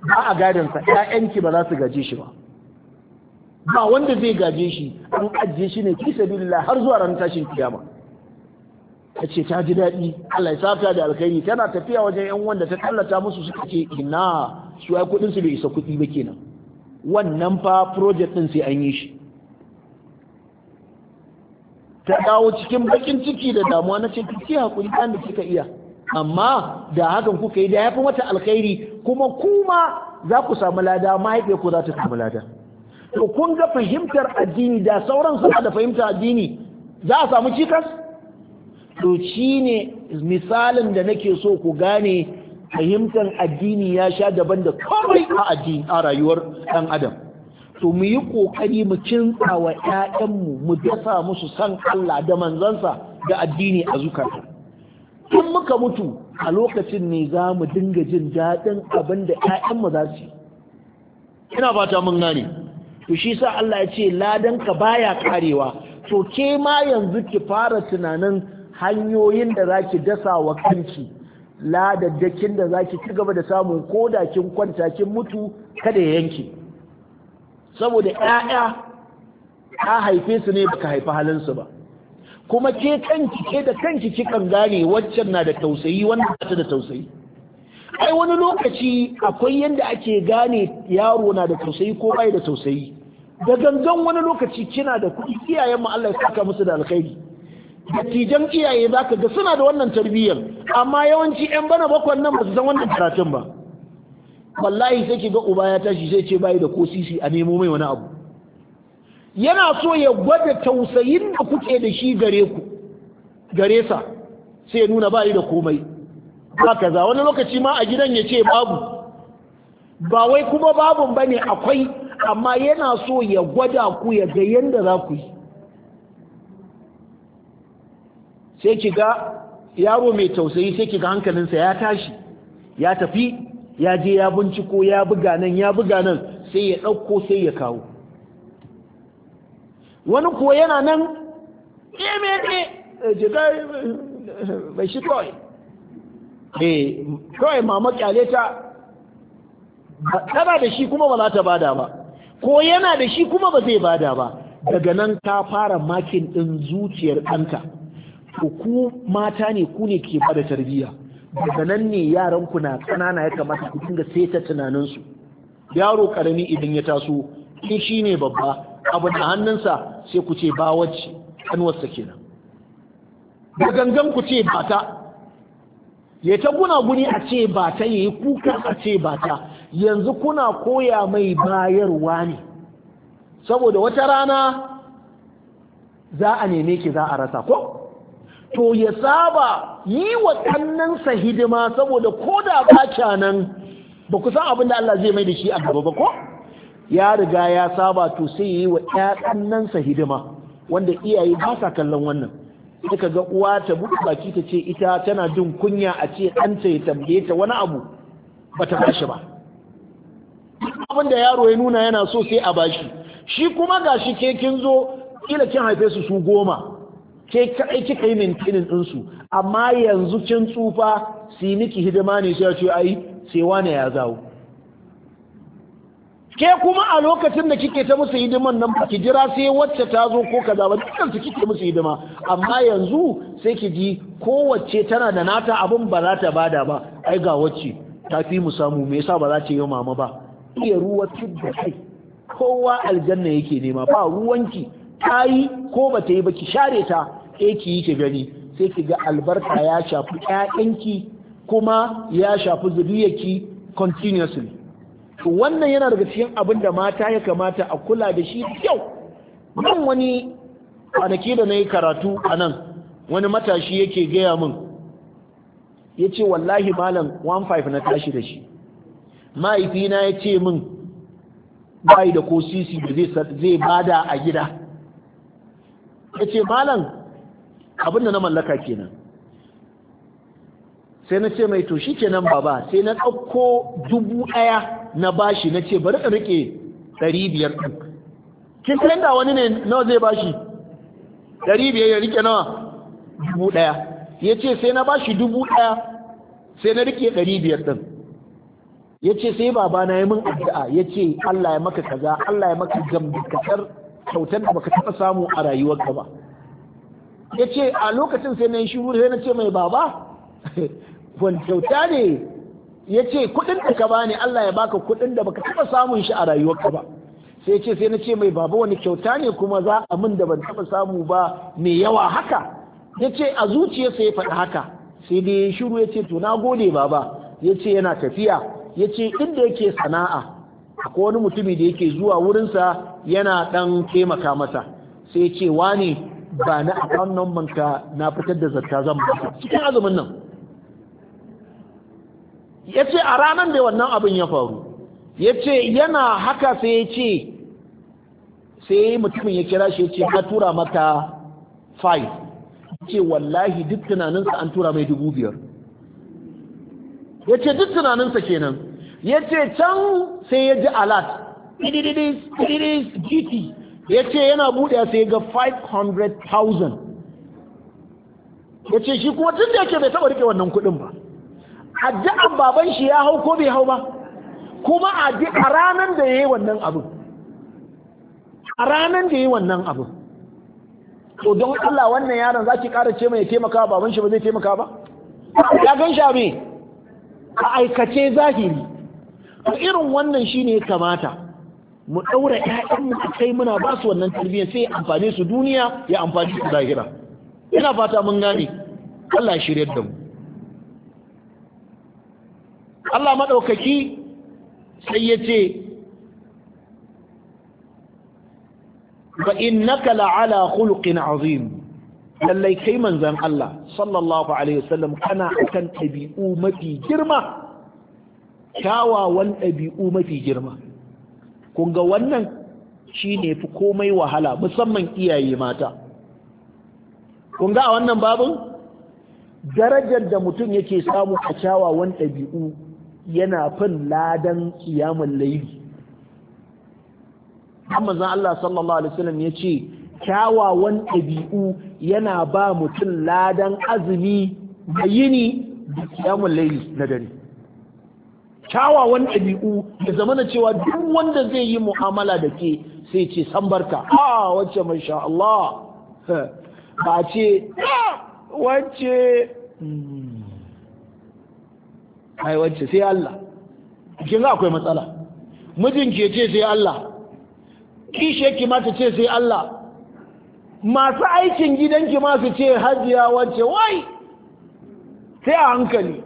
ba a gadansa ƴaƴanki ba za su gaje shi ba ba wanda zai gaje shi an ajiye shi ne fi sabilillah har zuwa ran tashin kiyama ta ce ta ji daɗi Allah ya safiya da alkhairi tana tafiya wajen yan wanda ta tallata musu suka ce ina su ya kudin su bai isa kudi ba kenan wannan fa project din sai an yi shi ta dawo cikin bakin ciki da damuwa na ce ki hakuri kan da kika iya amma da hakan kuka yi da ya mata alkhairi kuma kuma za ku samu lada mahaifiyar ku za ta samu lada to kun ga fahimtar addini da sauran suna da fahimtar addini za a samu cikas to shine misalin da nake so ku gane fahimtar addini ya sha daban da kawai a addini a rayuwar ɗan adam to mu yi ƙoƙari mu kinsa wa ƴaƴanmu mu dasa musu san Allah da manzansa da addini a zukata in muka mutu a lokacin ne za mu dinga jin daɗin abin da ƴaƴanmu za su yi ina fata mun gane to shi sa Allah ya ce ladanka baya karewa to ke ma yanzu ki fara tunanin hanyoyin da za ki dasa wa kanki ladaddakin da zaki ci gaba da samun ko da kin kwanta kin mutu kada ya yanke saboda ƴaƴa ka haife su ne baka haifi halin su ba kuma ke kanki ke da kanki kikan gane waccan na da tausayi wannan ba ta da tausayi ai wani lokaci akwai yadda ake gane yaro na da tausayi ko bai da tausayi da gangan wani lokaci kina da kuɗi iyayen mu Allah ya saka musu da alkhairi dattijan iyaye za ka ga suna da wannan tarbiyyar amma yawanci 'yan bana bakwan nan ba su san wannan karatun ba wallahi sai ki ga uba ya tashi sai ce bayi da ko a nemo mai wani abu yana so ya gwada tausayin da kuke da shi gare ku gare sa sai ya nuna bayi da komai ba kaza wani lokaci ma a gidan ya ce babu ba wai kuma babun bane akwai amma yana so ya gwada ku ya ga yanda za ku yi sai ki ga yaro mai tausayi sai ki ga hankalinsa ya tashi ya tafi ya je ya binciko ya buga nan ya buga nan sai ya ɗauko sai ya kawo wani kuwa yana nan ɗaya eh, jiga bai shi kawai eh kawai mama kyale ta tana da shi kuma ba za ta bada ba ko yana da shi kuma ba zai bada ba daga nan ta fara makin ɗin zuciyar ɗanka to ku mata ne ku ne ke bada tarbiyya daga nan ne yaran ku na kanana ya kamata ku dinga seta tunaninsu yaro karami idan ya taso in shi ne babba abu da hannunsa sai ku ce ba wacce wasa kenan da gangan ku ce ba ta ya ta guna guni a ce ba ta ya yi kuka a ce ba ta yanzu kuna koya mai bayarwa ne saboda wata rana za a neme ki za a rasa ko to ya saba yi wa kannansa hidima saboda ko da ba nan ba ku san abin da Allah zai mai da shi a gaba ba ko ya riga ya saba to sai yi wa ƴaƴannansa hidima wanda iyaye ba sa kallon wannan suka ga uwa ta buɗe baki ta ce ita tana jin kunya a ce ɗanta ya tambaye ta wani abu ba ta bashi ba abin da yaro ya nuna yana so sai a bashi shi kuma gashi ke kin zo kila kin haife su su goma ke kaɗai kika yi mintinin ɗinsu amma yanzu kin tsufa siniki miki hidima ne sai ce ai sai wane ya zawo ke kuma a lokacin da kike ta musu hidiman nan ba ki jira sai wacce ta zo ko kaza ba dukkan su kike musu hidima amma yanzu sai ki ji kowace tana da nata abin ba za ta bada ba ai ga wacce ta fi mu samu me yasa ba za ta yi mama ba iya ruwa da kai kowa aljanna yake nema ba ruwanki ta yi ko ba ta yi ba ki share ta Sai ki yi ki gani sai ki ga albarka ya shafi ƴaƴanki kuma ya shafi zuriyarki continuously to wannan yana daga cikin abin da mata ya kamata a kula da shi kyau nan wani kwanaki da na yi karatu a nan wani matashi yake gaya min ya ce wallahi malam 1.5 na tashi da shi mahaifina ya ce min bayi da ko sisi da zai bada a gida ya ce malam abin da na mallaka kenan sai na ce mai to shi kenan baba sai na ɗauko dubu ɗaya na bashi na ce bari in rike ɗari biyar ɗin kin san da wani ne nawa zai bashi ɗari biyar ya rike nawa dubu ɗaya ya ce sai na bashi dubu ɗaya sai na rike ɗari biyar ɗin ya ce sai baba na yi min addu'a ya ce Allah ya maka kaza Allah ya maka gambi kasar kyautar da baka taɓa samu a rayuwarka ba ya ce a lokacin sai na yi shiru sai na ce mai baba wani kyauta ne ya ce kuɗin da ka bani Allah ya baka kuɗin da baka taba samun shi a rayuwarka ba sai ce sai na ce mai baba wani kyauta ne kuma za a min da ban taba samu ba mai yawa haka ya ce a zuciyarsa ya faɗi haka sai dai shiru ya ce to na gode baba ya ce yana tafiya ya ce inda yake sana'a akwai wani mutumi da yake zuwa wurinsa yana ɗan taimaka masa sai ce wani ba na a number manka na fitar da zarka zan ba cikin azumin nan ya ce a ranar da wannan abin ya faru ya ce yana haka sai ya ce sai mutumin ya kira shi ya ce na tura mata 5 ce wallahi duk tunaninsa an tura mai dubu biyar ya ce duk tunaninsa kenan ya ce can sai ya ji alat idididis ididis gt ya ce yana buɗe sai ga 500,000 ya ce shi kuma tun da yake bai taɓa rike wannan kuɗin ba addu'an baban shi ya hau ko bai hau ba kuma a ranar da ya yi wannan abin a ranar da ya yi wannan abin to don Allah wannan yaron za ki ƙara ce mai taimaka baban shi ba zai taimaka ba ya gan sha a aikace zahiri A irin wannan shi ne kamata mu ɗaura 'ya'yan a kai muna ba su wannan tarbiyyar sai ya amfane su duniya ya amfani su zahira ina fata mun gane Allah shirya da mu Allah maɗaukaki sai ya ce ba innaka la'ala khuluqin azim lallai kai manzan Allah sallallahu alaihi wasallam kana akan ɗabi'u mafi girma kyawawan ɗabi'u mafi girma kun ga wannan shi ne fi komai wahala musamman iyaye mata kun ga a wannan babin darajar da mutum yake samu a kyawawan ɗabi'u yana fin ladan kiyamun laili zan Allah sallallahu alaihi wasallam ya ce kyawawan ɗabi'u yana ba mutum ladan azumi da yini da kiyamun laili na dare kyawawan ɗabi'u da zamana cewa duk wanda zai yi mu'amala da ke sai ce san barka a wacce masha Allah ba ce wacce hmm. ai wacce sai Allah kin ga akwai matsala mijin ke ce sai Allah kishe ki ma ta ce sai Allah masu aikin gidanki ma su ce hajiya wacce wai sai a hankali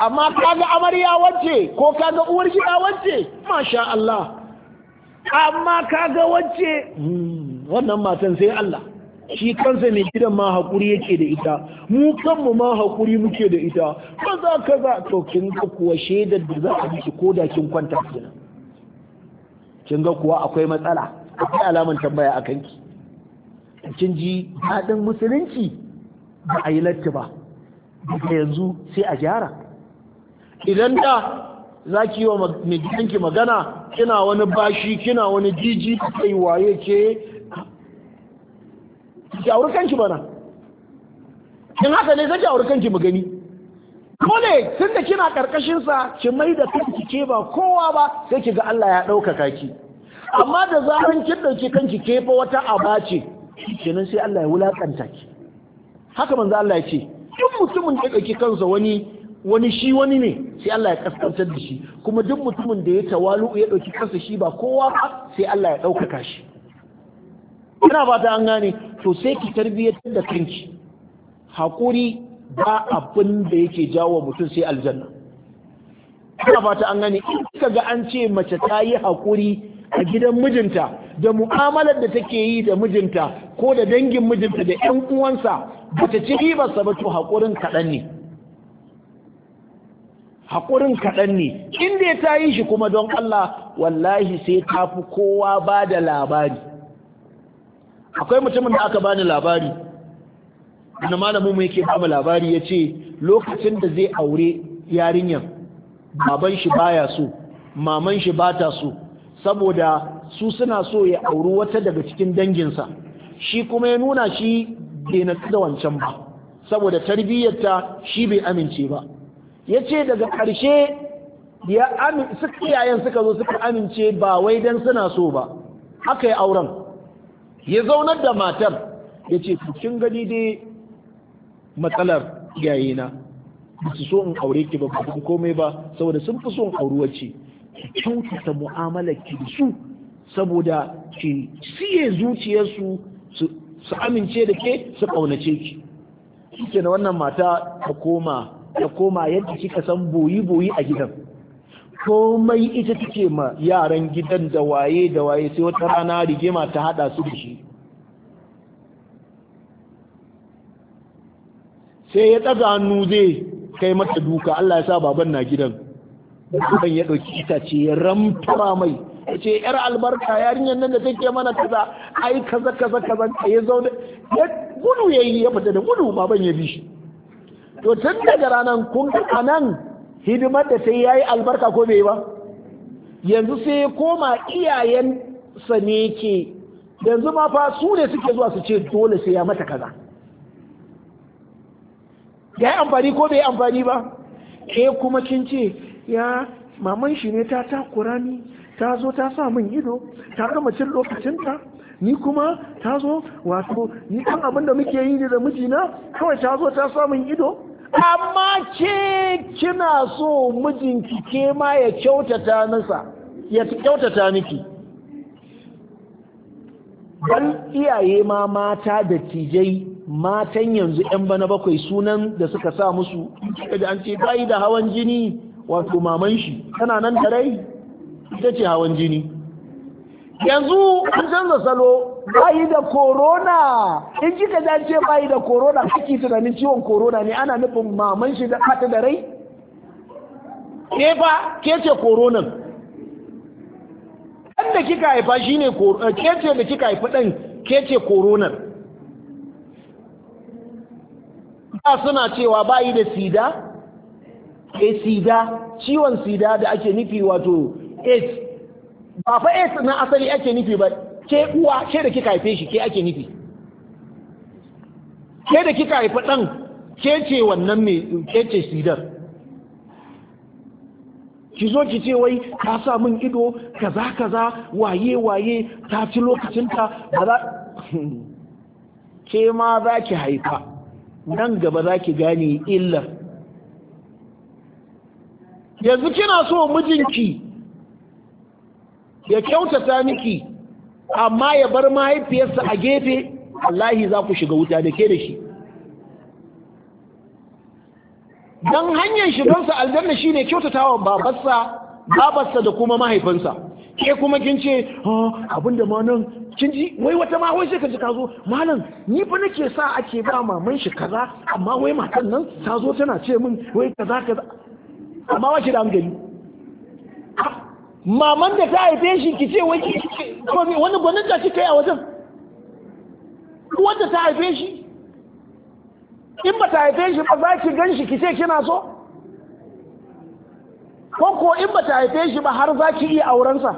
amma kaga amarya wacce ko kaga uwar gida wacce masha Allah amma kaga wacce hmm, wannan matan sai Allah shi kansa mai gidan ma hakuri yake da ita mu kanmu ma hakuri muke da ita kaza kaza to kin ga kuwa shaidar da za a miki ko da kin kwanta kenan kin ga kuwa akwai matsala akwai alaman tambaya a kanki kin ji daɗin musulunci ba a yi latti ba daga yanzu sai a gyara idan da za ki yi wa gidanki magana kina wani bashi kina wani jiji kai waye ke ki auri kanki bana in haka ne zaki auri kanki mu gani dole tun da kina karkashin sa ki mai da kanki ke ba kowa ba sai ki ga Allah ya ɗaukaka ki amma da zaran kin ɗauki kanki ke fa wata aba ce kenan sai Allah ya wulakanta ki haka manzo Allah ya ce duk mutumin da ɗauki kansa wani wani shi wani ne sai Allah ya kaskantar da shi kuma duk mutumin da ya tawalu ya ɗauki kansa shi ba kowa ba sai Allah ya ɗaukaka shi ina ba ta an gane to sai ki tarbiyyatar da kanki hakuri ba abin da yake jawo mutum sai aljanna ina ba ta an gane in kika ga an ce mace ta yi haƙuri a gidan mijinta da mu'amalar da take yi da mijinta ko da dangin mijinta da 'yan uwansa ba ta ci ribarsa ba to haƙurin kaɗan ne haƙurin kaɗan ne inda ya ta yi shi kuma don Allah wallahi sai ta fi kowa ba da labari akwai mutumin da aka bani labari wani malamin mu yake bamu labari ya ce lokacin da zai aure yarinyar baban shi baya so maman shi ba ta so saboda su suna so ya auri wata daga cikin danginsa shi kuma ya nuna shi bai na da wancan ba saboda tarbiyyarta shi bai amince ba ya ce daga ƙarshe ya iyayen suka zo suka amince ba wai don suna so ba aka yi auren ya zaunar da matar ya ce kin gani dai matsalar yayina, ba su so in aure ki ba ba su komai ba saboda sun fi so in auruwa ce kyautata mu'amala ki da su saboda ki siye zuciyarsu su amince da ke su ƙaunace ki shi da wannan mata ta koma ya koma yadda kika san boyi-boyi a gidan komai ita take ma yaran gidan da waye da waye sai wata rana rigima ta hada su da shi sai ya ɗaga hannu zai kai mata duka Allah ya sa baban na gidan baban ya ɗauki itace ya ramtara mai ce yar albarka yarinyar nan da take mana kaza ai kaza kaza kaza ya zaune ya gudu ya ya fita da gudu baban ya bi shi to tun daga ranar kun a nan hidimar da sai ya yi albarka ko bai ba yanzu sai koma sa ne ke yanzu ma fa su ne suke zuwa su ce dole sai ya mata kaza ya yi amfani ko bai amfani ba ke kuma kin ce ya maman shi ne ta takura ni ta zo ta sa min ido ta gama cin lokacinta ni kuma ta zo wato ni kan abin da muke yi da mijina kawai ta zo ta sa min ido amma ke kina so mijinki ke ma ya kyautata nasa ya kyautata miki bal iyaye ma mata da tijai matan yanzu 'yan bana bakwai sunan da suka sa musu da an ce bayi da hawan jini wato maman shi tana nan da rai ita ce hawan jini yanzu an canza salo bayi da corona in kika ka ce bayi da corona kake tunanin ciwon corona ne ana nufin maman shi da haɗa da rai ke ba ke ce corona dan da kika haifa shine eh, ke ce da kika haifi dan ke ce corona ba suna cewa bayi da sida ke eh, sida ciwon sida da ake nufi wato aids ba fa aids na asali ake nufi ba ke uwa ke da kika haife shi ke ake nufi ke da kika haifa ɗan ke ce wannan mai ke ce sidar ki zo ki ce wai ka sa min ido kaza kaza waye waye ta ci lokacinta ba za ke ma za ki haifa nan gaba za ki gane illar yanzu kina so mijinki ya kyautata miki amma ya bar mahaifiyarsa a gefe wallahi za ku shiga wuta da ke da shi don hanyar shigarsa aljanna kyautata wa babarsa babarsa da kuma mahaifinsa ke kuma kin ce ah, abin da ma kin ji wai wata ma wai sai ka ji ka zo malam ni fa nake sa ake ba maman shi kaza amma wai matan nan ta zo tana ce min wai kaza kaza amma wace da hankali maman da ta haife shi ki ce wai wani gwaninta kika yi a wajen wanda ta haife shi in ba ta haife shi ba za ki gan shi ki ce kina so ko ko in ba ta haife shi ba har za ki iya aurensa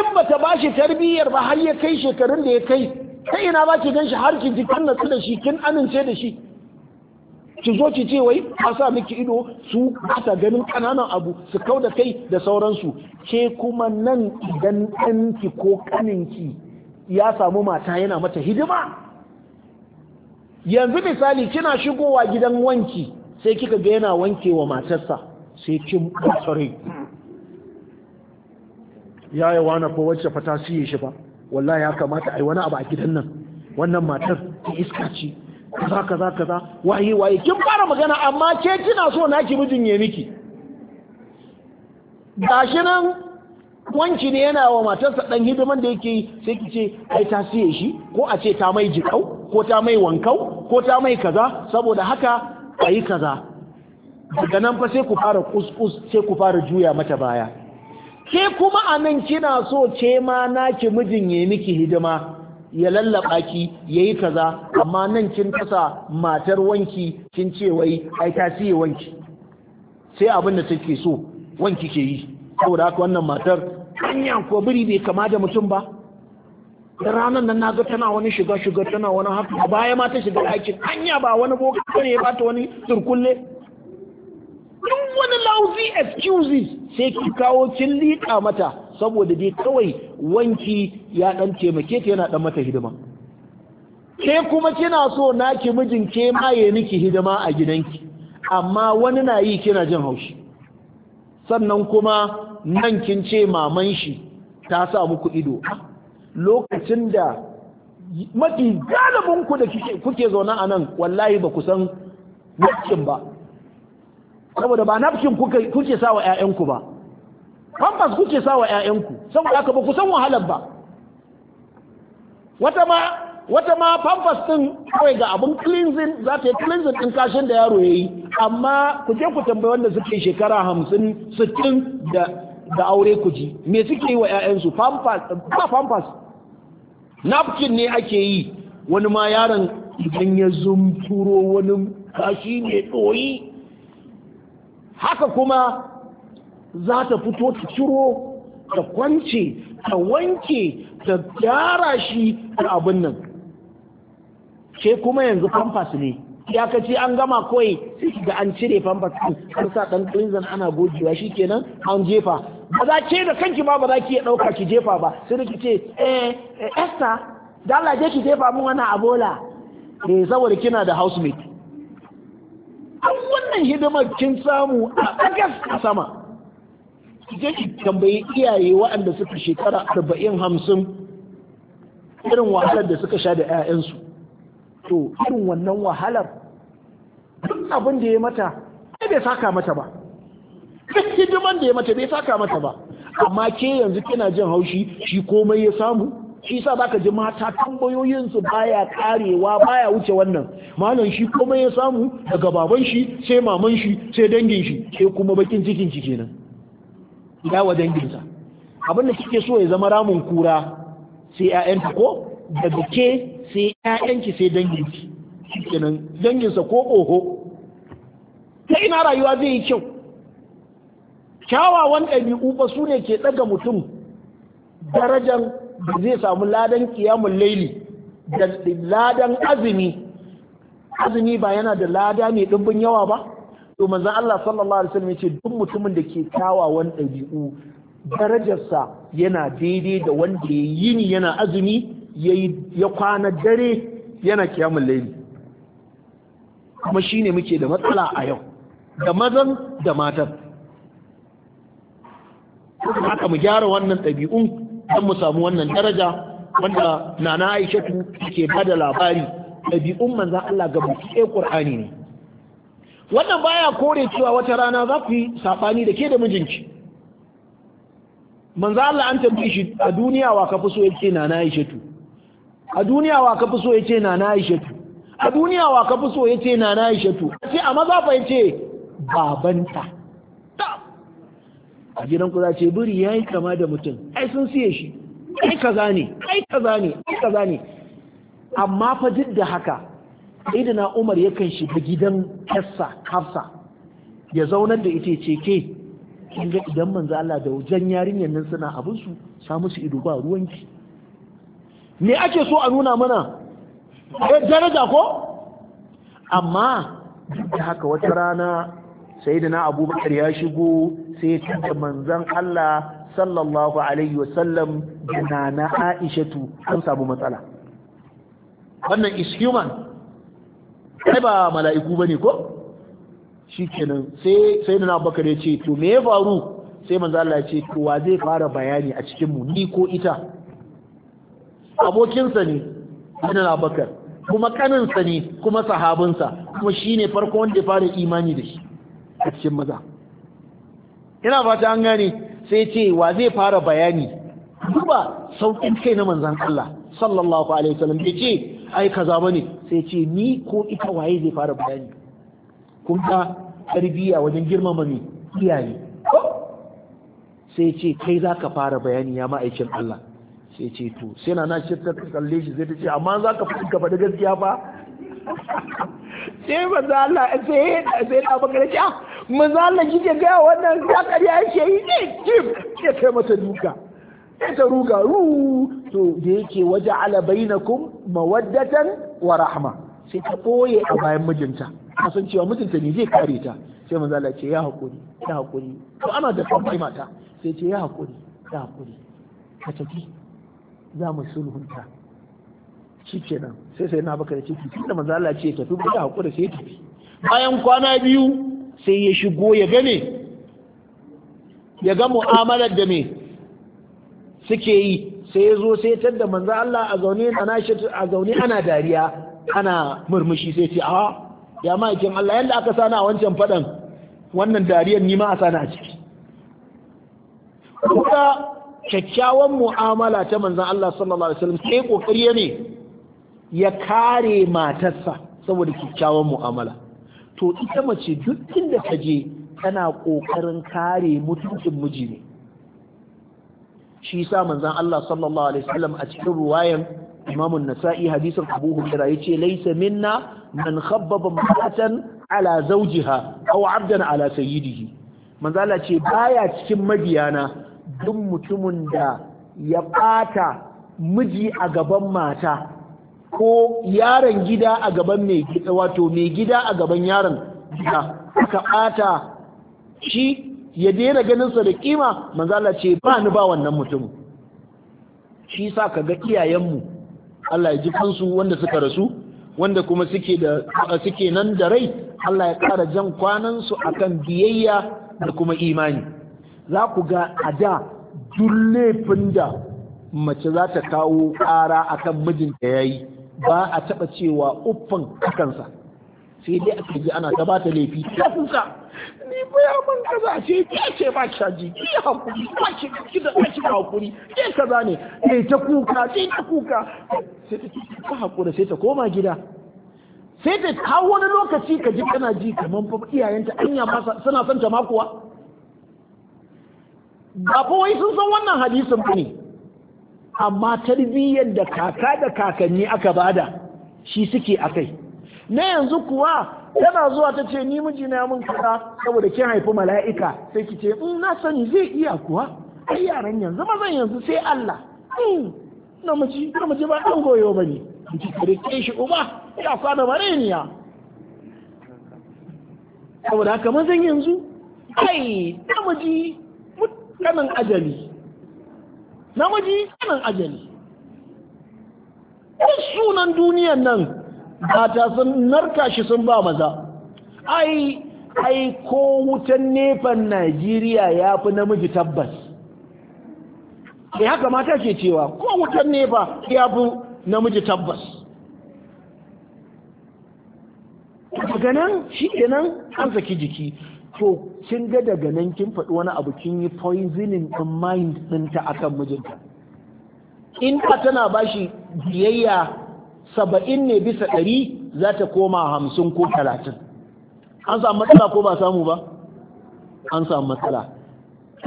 in ba ta ba shi tarbiyyar ba har ya kai shekarun da ya kai ta ina ba ki gan shi har ki ji kan da shi kin amince da shi ki zo ki ce wai a sa miki ido su kasa ganin kananan abu su kau da kai da sauransu ke kuma nan idan ɗanki ko kaninki ya samu mata yana mata hidima yanzu misali kina shigowa gidan wanki sai kika ga yana wanke wa matarsa sai kin kasare ya yi wani ko wacce fata siye shi ba wallahi ya kamata a yi wani abu a gidan nan wannan matar ta iska ce kaza kaza kaza waye waye kin fara magana amma ke kina so naki mijin ya miki gashi nan wanki ne yana wa matarsa dan hidiman da yake yi sai ki ce ai ta siye shi ko a ce ta mai jikau ko ta mai wankau ko ta mai kaza saboda haka ayi kaza daga nan fa sai ku fara kuskus sai ku fara juya mata baya ke kuma anan kina so ce ma naki mijin ya miki hidima ya lallaba ki ya yi kaza amma nan kin kasa matar wanki kin ce wai ai ta siye wanki sai abin da take so wanki ke yi saboda haka wannan matar hanya ko biri bai kama da mutum ba da ranar nan naga tana wani shiga shiga tana wani haka a baya ma ta shiga aikin. hanya ba wani boka ne ya bata wani turkulle duk wani lousy excuses sai ki kawo kin liƙa mata saboda dai kawai wanki ya dan taimake ta yana dan mata hidima ke kuma kina so naki mijin ke ma ya miki hidima a gidanki amma wani na yi kina jin haushi sannan kuma nan kin ce maman shi ta sa muku ido lokacin da mafi galibin ku da kuke zaune a nan wallahi ba ku san nafkin ba saboda ba nafkin kuke sa wa 'ya'yanku ba pampas kuke sa wa 'ya'yanku saboda haka ba ku san wahalar ba wata ma wata ma pampas din kawai ga abun cleansing za ta yi cleansing ɗin kashin da yaro ya yi amma ku je ku tambayi wanda suke shekara hamsin sittin da aure ku ji me suke yi wa 'ya'yansu pampas ba pampas napkin ne ake yi wani ma yaron idan ya zumturo wani kashi ne ɗoyi haka kuma za ta fito ta ciro ta kwance ta wanke ta gyara shi da abin nan ke kuma yanzu famfas ne ya ka ce an gama kawai da an cire famfas har sa ɗan cleanser ana gogewa shi kenan an jefa ba za ce da kanki ma ba za ki ɗauka ki jefa ba sai da ki ce eh, eh esta da Allah je ki jefa mun wannan abola eh saboda kina da housemate an wannan hidimar kin samu a agas sama ki je ki tambayi iyaye waɗanda suka shekara arba'in hamsin irin wahalar da suka sha da 'ya'yansu to irin wannan wahalar duk abin da ya mata bai saka mata ba duk hidiman da ya mata bai saka mata ba amma ke yanzu kina jin haushi shi komai ya samu shi sa baka ji mata tambayoyin su baya karewa baya wuce wannan malam shi komai ya samu daga baban shi sai maman shi sai dangin shi sai kuma bakin cikin ciki kenan ya wa danginsa abin da kike so ya zama ramin kura sai ƴaƴanta ko daga ke sai ƴaƴanki sai danginki kenan danginsa ko oho ta ina rayuwa zai yi kyau kyawawan ɗabi'u ba su ne ke ɗaga mutum darajan da zai samu ladan kiyamun laili da ladan azumi azumi ba yana da lada mai ɗumbin yawa ba to manzon Allah sallallahu alaihi wasallam yace duk mutumin da ke kyawawan ɗabi'u darajarsa yana daidai da wanda ya yi ni yana azumi ya kwana dare yana kiyamun laili kuma shine muke da matsala a yau da mazan da matan haka mu gyara wannan ɗabi'un don mu samu wannan daraja wanda nana aishatu ke bada labari ɗabi'un manzan Allah ga buke ƙur'ani ne wannan baya kore cewa wata rana za ku yi saɓani da ke da mijinki manzo Allah an tambaye shi a duniya wa ka fi so yace na na tu a duniya wa ka fi so yace na na tu a duniya wa ka fi so yace na na tu sai a maza fa yace babanta a gidan ku za ce buri yayi kama da mutum ai sun siye shi ai kaza ne ai kaza ne ai kaza ne amma fa duk da haka sayyidina Umar yakan shiga gidan Hafsa Hafsa ya zaunar da ita ce ke ga idan manzo Allah da wajen yarinyar nan suna abin su sa musu ido ba ruwanki me ake so a nuna mana eh daraja ko amma da haka wata rana sayyidina Abubakar ya shigo sai ya Manzan Allah sallallahu alaihi wasallam da na Aishatu an samu matsala wannan is human kai ba mala'iku bane ko shikenan sai sai na bakar ya ce to me ya faru sai manzo Allah ya ce to wa zai fara bayani a cikin mu ni ko ita abokinsa ne na bakar kuma sa ne kuma sahabinsa kuma shine farko wanda ya fara imani da shi a cikin maza ina fata an gane sai ce wa zai fara bayani duba saukin kai na manzon Allah sallallahu alaihi wasallam ya ce ai kaza bane sai ce ni ko ita waye zai fara bayani kun ga tarbiyya wajen girmama ne iyaye sai ce kai za ka fara bayani ya ma'aikin Allah sai ce to sai na nashi ta kalle shi zai ta ce amma za ka fi gaba da gaskiya ba sai maza Allah sai sai na baka da ce ah, maza Allah kike ga wannan zakariya shi ne kim ya kai masa duka ita ta ruga ru to da yake waje ala bainakum mawaddatan wa rahma sai ta koye a bayan mijinta a san cewa mijinta ne zai kare ta sai manzo Allah ce ya hakuri ya hakuri to ana da kai mata sai ce ya hakuri ya hakuri ka tafi za mu sulhunta kenan sai sai na baka da ciki da manzo Allah ce tafi ba hakuri sai tafi bayan kwana biyu sai ya shigo ya gane ya ga mu'amalar da me suke yi sai ya zo sai tar da manzo Allah a zaune ana a zaune ana dariya ana murmushi sai ce a ya ma ma'aikin Allah yanda aka sana a wancan fadan wannan dariyar ni ma a sana a ciki kuma kyakkyawan mu'amala ta manzo Allah sallallahu alaihi wasallam sai kokari ne ya kare matarsa saboda kyakkyawan mu'amala to ita mace duk inda ta je tana kokarin kare mutuncin miji ne shi sa manzan Allah sallallahu alaihi wasallam a cikin ruwayan Imam nasai hadisin Abu Hurairah yace Laisa minna man khabbaba mar'atan ala zawjiha aw 'abdan ala sayyidihi manzo Allah ce baya cikin mabiyana duk mutumin da ya bata miji a gaban mata ko yaron gida a gaban mai gida wato mai gida a gaban yaron gida aka bata shi ya daina ganin sa da kima manzo Allah ce ba ni ba wannan mutum shi sa kaga iyayenmu Allah ya ji kansu wanda suka rasu wanda kuma suke da suke nan da rai Allah ya ƙara jan kwanan su akan biyayya da kuma imani za ku ga a da duk da mace za ta kawo ƙara akan mijinta yayi ba a taɓa cewa uffan kakansa sai dai aka ji ana ta bata laifi ta kuka ni baya man kaza ce ya ce ba ki haji ki hakuri ba ki ki da ki hakuri ke kaza ne ke ta kuka ke ta kuka sai ta ta hakura sai ta koma gida sai ta kawo wani lokaci ka ji kana ji kaman fa iyayenta anya ma suna son ta makuwa ba fa wai sun san wannan hadisin ba ne amma tarbiyyar da kaka da kakanni aka bada shi suke akai na yanzu kuwa tana zuwa ta ce ni mijina ya mun kaza saboda kin haifi mala'ika sai ki ce in mm, na sani zai iya kuwa ai yaran yanzu mazan yanzu sai Allah namiji mm, namiji ba dan goyo bane ki kare shi uba ya kwana mareniya saboda haka mazan yanzu ai namiji mutanen ajali namiji mutanen ajali duk sunan duniyan nan mata sun narka shi sun ba maza ai ai ko wutan nefan najeriya ya fi namiji tabbas ya eh, haka mata ke cewa ko wutan nefa ya fi namiji tabbas daga nan shi nan an saki jiki to kin ga daga nan kin faɗi wani abu kin yi poisoning in mind ɗinta akan mijinta in ka tana bashi biyayya saba'in ne bisa ɗari za ta koma hamsin ko talatin an samu matsala ko ba samu ba an samu matsala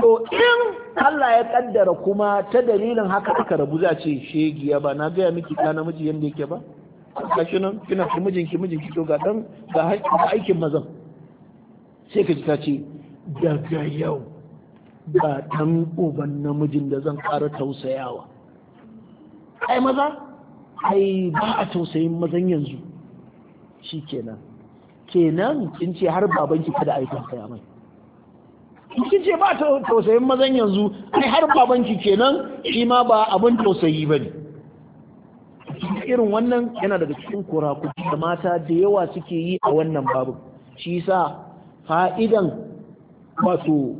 to in Allah ya kaddara kuma ta dalilin haka aka rabu za ce shegiya ba na gaya miki ta namiji yadda yake ba Ka shi nan kina ki mijinki mijinki to ga dan ga aikin mazan sai ka ji ta ce daga yau ba dan uban namijin da zan ƙara tausayawa ai maza ai ba a tausayin mazan yanzu shi kenan kenan kin ce har babanki kada a yi tausaya mai kin ce ba tausayin mazan yanzu ai har babanki kenan shi ma ba abin tausayi ba ne irin wannan yana daga cikin kurakuki da mata da yawa suke yi a wannan babu shi sa fa'idan wato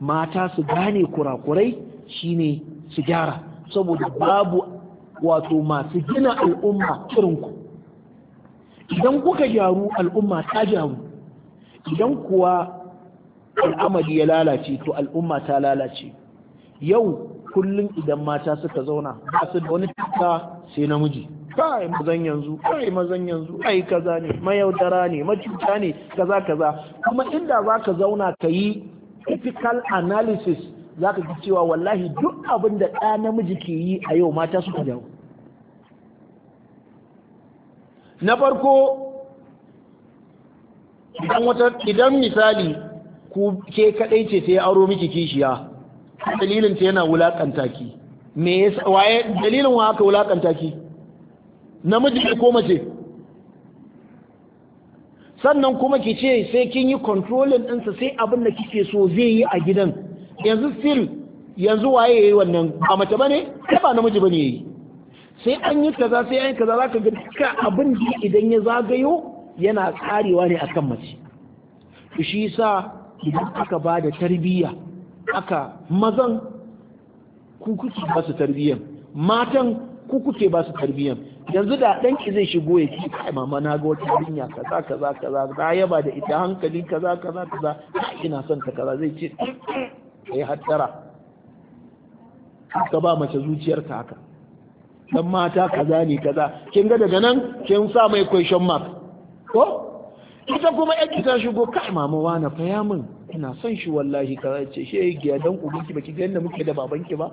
mata su gane kurakurai shine su gyara saboda babu wato masu gina al'umma ku idan kuka gyaru al'umma ta gyaru idan kuwa al'amari ya lalace to al'umma ta lalace yau kullum idan mata suka zauna ba su da wani tuka sai namiji kai mazan yanzu kai mazan yanzu ai kaza ne mayaudara ne macuta ne kaza kaza kuma inda zaka zauna ka yi typical analysis za ka ji cewa wallahi duk abin da ɗa namiji ke yi a yau mata suka jawo na farko idan wata idan misali ku ke kaɗai ce sai aro miki kishiya dalilin ta yana wulakanta ki me yasa waye dalilin wa aka wulakanta ki namiji ne ko mace sannan kuma ki ce sai kin yi controlling ɗinsa sai abin da kike so zai yi a gidan yanzu still, yanzu waye yayi wannan ba mace bane Sai ba namiji bane yayi sai an yi kaza sai an yi kaza zaka ga duka abin da idan ya zagayo yana karewa ne akan mace to shi yasa idan aka ba da tarbiyya aka mazan ku kuke ba su tarbiyyan matan ku kuke ba su tarbiyyan yanzu da ki zai shigo ya ce kai mama na ga wata dunya kaza kaza kaza na yaba da ita hankali kaza kaza kaza ina son ta kaza zai ce eh, eh. yi hattara ka ba mace zuciyarka haka dan mata kaza ne kaza kin ga daga nan kin sa mai question mark ko ita kuma ki ta shigo kai mama wani fa ya min ina son shi wallahi ka ce shi ya giya dan ki baki ga yanda muke da babanki ba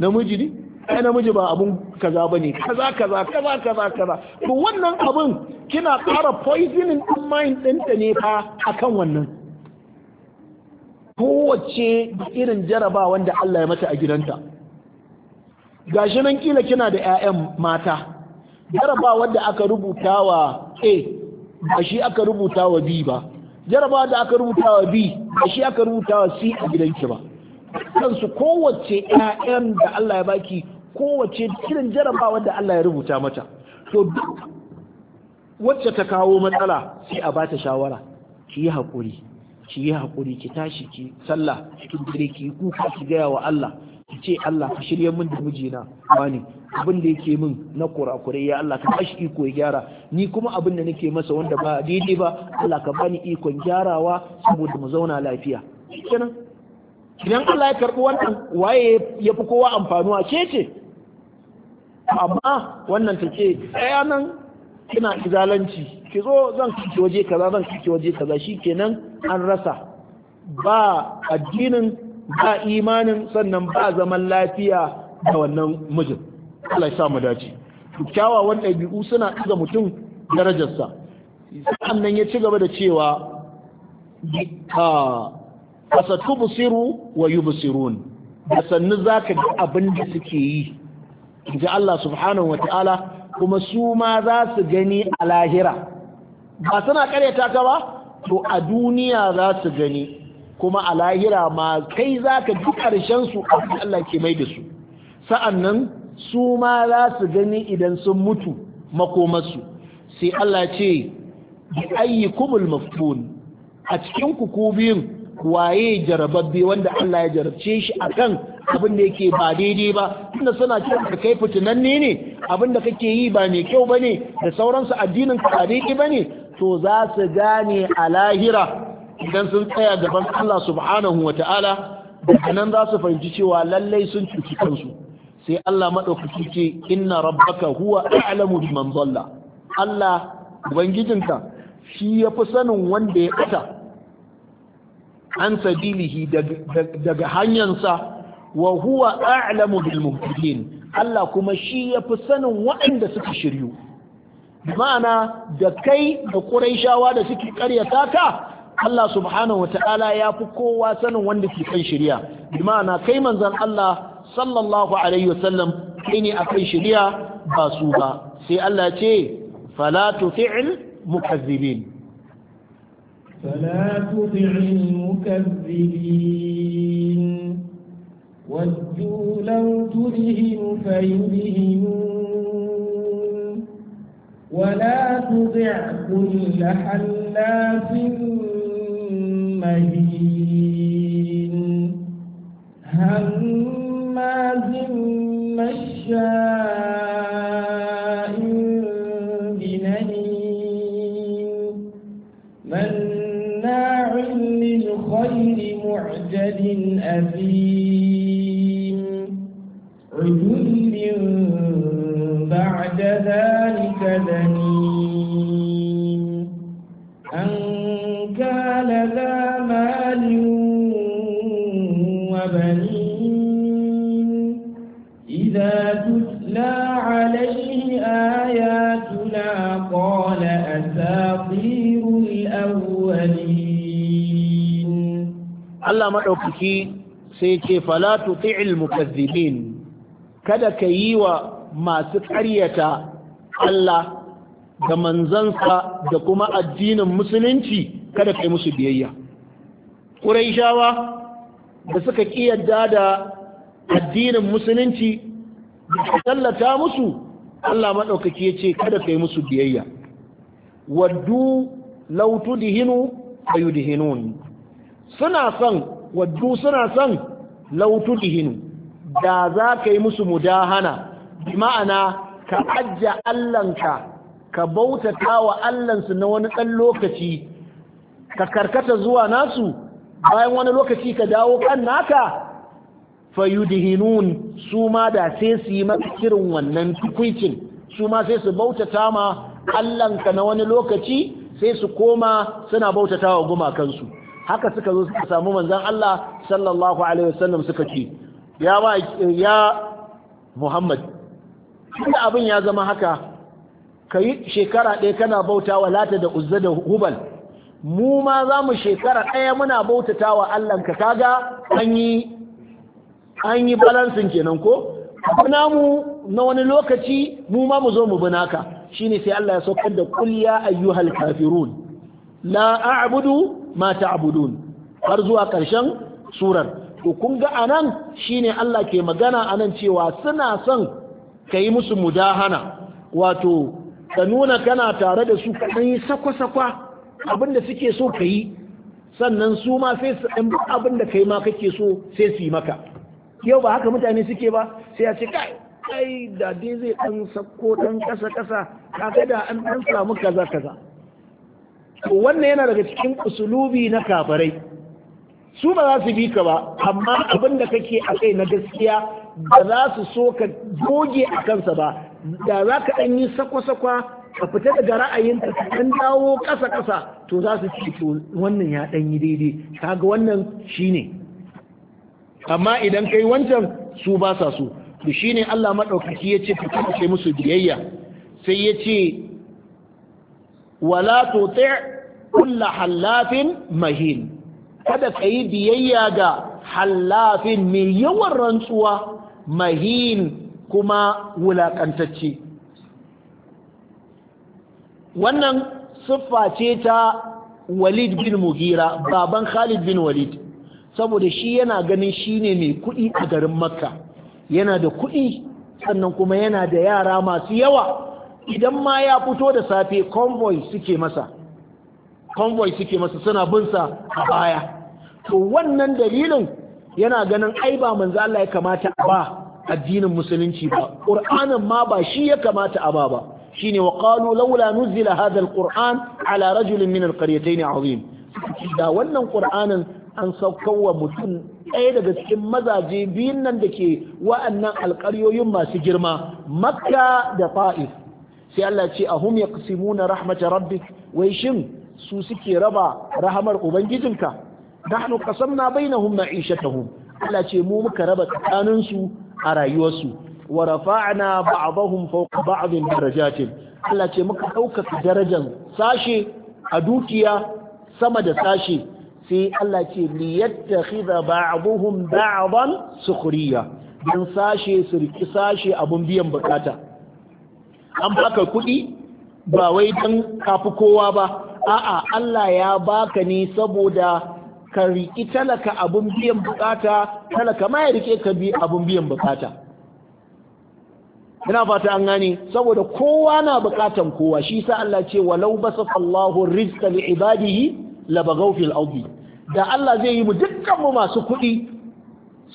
namiji ne ai namiji ba abun kaza bane kaza kaza kaza kaza kaza to wannan abun kina ƙara poisoning din mind ta ne fa akan wannan kowace da irin jaraba wanda Allah ya mata a gidanta Ga shi nan kila kina da 'ya'yan mata jaraba wanda aka rubuta wa A ba shi aka rubuta wa B ba jaraba da aka rubuta wa B ba shi aka rubuta wa C a gidanki ba kansu kowace 'ya'yan da Allah ya baki kowace irin jaraba da Allah ya rubuta mata to duk wacce ta kawo matsala sai a ba ta shawara ki yi haƙuri ki yi haƙuri ki tashi ki sallah ki dire ki kuka ki gaya wa Allah ki ce Allah ka shirya min da mijina wani abin da yake min na kurakurai ya Allah ka bashi iko ya gyara ni kuma abin da nake masa wanda ba daidai ba Allah ka bani ikon gyarawa saboda mu zauna lafiya kenan idan Allah ya karbi wannan waye ya fi kowa amfanuwa ce ce amma wannan ta ce tsaya nan kina izalanci ki zo zan kike waje kaza zan kike waje kaza shikenan an rasa ba addinin ba imanin sannan ba zaman lafiya da wannan mijin Allah ya sa mu dace kyawawan ɗabi'u suna ɗaga mutum darajarsa sannan ya ci gaba da cewa asatu busiru wa yubsirun da sannu zaka ga abin da suke yi inji Allah subhanahu wa ta'ala kuma su ma za su gani a lahira ba suna karyata ka ba to a duniya za su gani kuma a lahira ma kai za ka ji ƙarshen su a Allah ke mai da su sa'annan su ma za su gani idan sun mutu makomarsu sai Allah ce bi mafi maftun a cikin ku biyun waye jarababbe wanda Allah ya jarabce shi akan abin da yake ba daidai ba tunda suna cewa ka kai fitinanne ne abin da kake yi ba mai kyau bane da sauransu addinin ka ba daidai bane to za su gane a lahira idan sun tsaya gaban Allah subhanahu wata'ala daga nan za su fahimci cewa lallai sun cuci kansu sai Allah madaukaki ce inna rabbaka huwa a'lamu biman dalla Allah ubangijinka shi ya fi sanin wanda ya ɓata an sabilihi daga hanyarsa wa huwa a'lamu bil muhtadin Allah kuma shi ya fi sanin waɗanda suka shiryu ma'ana da kai da Qurayshawa da suke ƙaryata ka Allah subhanahu wata'ala ya fi kowa sanin wanda ke kan shirya bi ma'ana kai manzon Allah sallallahu alaihi wasallam kai ne akan shirya ba su ba sai Allah ce fala tuti'il mukazzibin فلا تطع المكذبين ودوا لو تدهن فيدهنون ولا تطع كل حلاف مهين أثيم عجل بعد ذلك ذنيم أن كان ذا مال وبنين إذا تتلى عليه آياتنا قال أساطير الأولين Allah maɗaukaki sai ce fala tuti'il mukazzibin kada ka yi wa masu ƙaryata Allah da manzansa da kuma addinin musulunci kada ka yi musu biyayya ƙuraishawa da suka ƙiyadda da addinin musulunci da tallata musu Allah maɗaukaki ya ce kada ka yi musu biyayya waddu lautu dihinu a suna son waddu suna son law tudhinu da za ka yi musu mudahana bi ma'ana ka ajja allanka ka bautata wa allansu na wani ɗan lokaci ka karkata zuwa nasu bayan wani lokaci ka dawo kan naka fayudihinun su ma da sai su yi irin wannan tukwicin su ma sai su bautata ma allanka na wani lokaci sai su koma suna bautata wa gumakansu haka suka zo suka samu manzon Allah sallallahu alaihi wasallam suka ce ya ba ya Muhammad inda abin ya zama haka kai shekara ɗaya kana bauta wa lata da uzza da hubal mu ma za mu shekara ɗaya muna bautata wa Allahnka kaga ga anyi an yi balansin kenan ko abuna mu na wani lokaci mu ma mu zo mu bi naka shine sai Allah ya saukar da kulliya ayyuhal kafirun la a'budu ma ta'budun har zuwa ƙarshen surar to kun ga anan shine Allah ke magana anan cewa suna son kai musu mudahana wato ka nuna kana tare da su kan yi sakwa-sakwa abinda suke so ka yi sannan su ma sai su ɗan abin da kai ma kake so sai su yi maka yau ba haka mutane suke ba sai a ce kai kai da dai zai ɗan sako ɗan ƙasa-ƙasa kaga da an ɗan samu kaza-kaza wannan yana daga cikin usulubi na kafarai su ba za su bi ka ba amma abin da kake a kai na gaskiya ba za su so ka goge a kansa ba da za ka ɗan yi sakwa ka fita daga ra'ayinka ka ɗan dawo ƙasa kasa to za su ce to wannan ya ɗan yi daidai kaga wannan shine amma idan kai wancan su ba sa so to shine Allah maɗaukaki ya ce ka kace musu biyayya sai ya ce wala tuti' kulla hallafin mahin kada ka yi biyayya ga hallafin mai yawan rantsuwa mahin kuma wulaƙantacce. wannan siffa ce ta walid bin mugira baban khalid bin walid saboda shi yana ganin shi ne mai kuɗi a garin makka yana da kuɗi sannan kuma yana da yara masu yawa idan ma ya fito da safe convoy suke masa convoy suke masa suna binsa a baya to wannan dalilin yana ganin ai ba manzo Allah ya kamata a ba addinin musulunci ba qur'anin ma ba shi ya kamata a ba ba shine wa qalu laula nuzila hadha alquran ala rajul min alqaryatayn azim da wannan qur'anin an wa mutum ɗaya daga cikin mazaje biyun nan da ke wa'annan alƙaryoyin masu girma makka da fa'is sai Allah ce a hum yaqsimuna rahmata rabbi wai shin su suke raba rahamar ubangijinka nahnu qasamna bainahum ma'ishatahum Allah ce mu muka raba tsakanin su a rayuwarsu wa rafa'na ba'dahum fawqa ba'din darajatin Allah ce muka ɗaukaka darajar sashe a dukiya sama da sashe sai Allah ce liyattakhidha ba'dhum ba'dan sukhriya dan sashe su riki sashe abun biyan bukata an baka kuɗi ba wai don kafi kowa ba a'a Allah ya baka ne saboda ka riƙi talaka abun biyan bukata talaka ma ya riƙe ka bi abun biyan bukata ina fata an gane saboda kowa na bukatan kowa shi sa Allah ce walau basafa Allahu rizqa li ibadihi la fil ardi da Allah zai yi mu dukkan mu masu kuɗi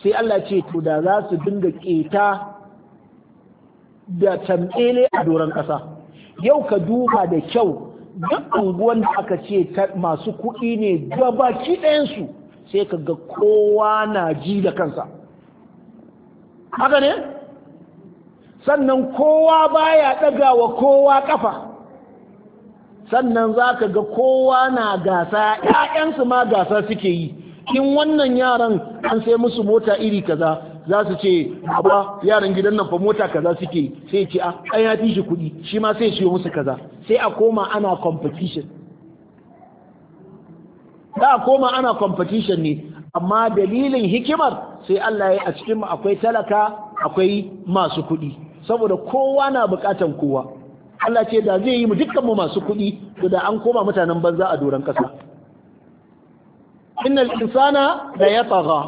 sai Allah ce to da za su dinga keta da tambele a doron ƙasa yau ka duba da kyau duk unguwan da aka ce masu kuɗi ne gabaki ɗayansu sai ka ga kowa na ji da kansa haka ne sannan kowa baya ɗaga wa kowa ƙafa sannan za ka ga kowa na gasa ‘ya'yansu ma gasa suke yi in wannan yaran an sai musu mota iri kaza za su ce ba yaran gidan nan fa mota kaza suke sai ce a ah, an ya fi shi kuɗi shi ma sai siyo musu kaza sai a koma ana competition da a koma ana competition ne amma dalilin hikimar sai Allah ya a cikin mu akwai talaka akwai masu kuɗi saboda kowa na buƙatan kowa Allah ce da zai yi mu dukkan mu masu kuɗi to da an koma mutanen banza a doron ƙasa innal insana la yatagha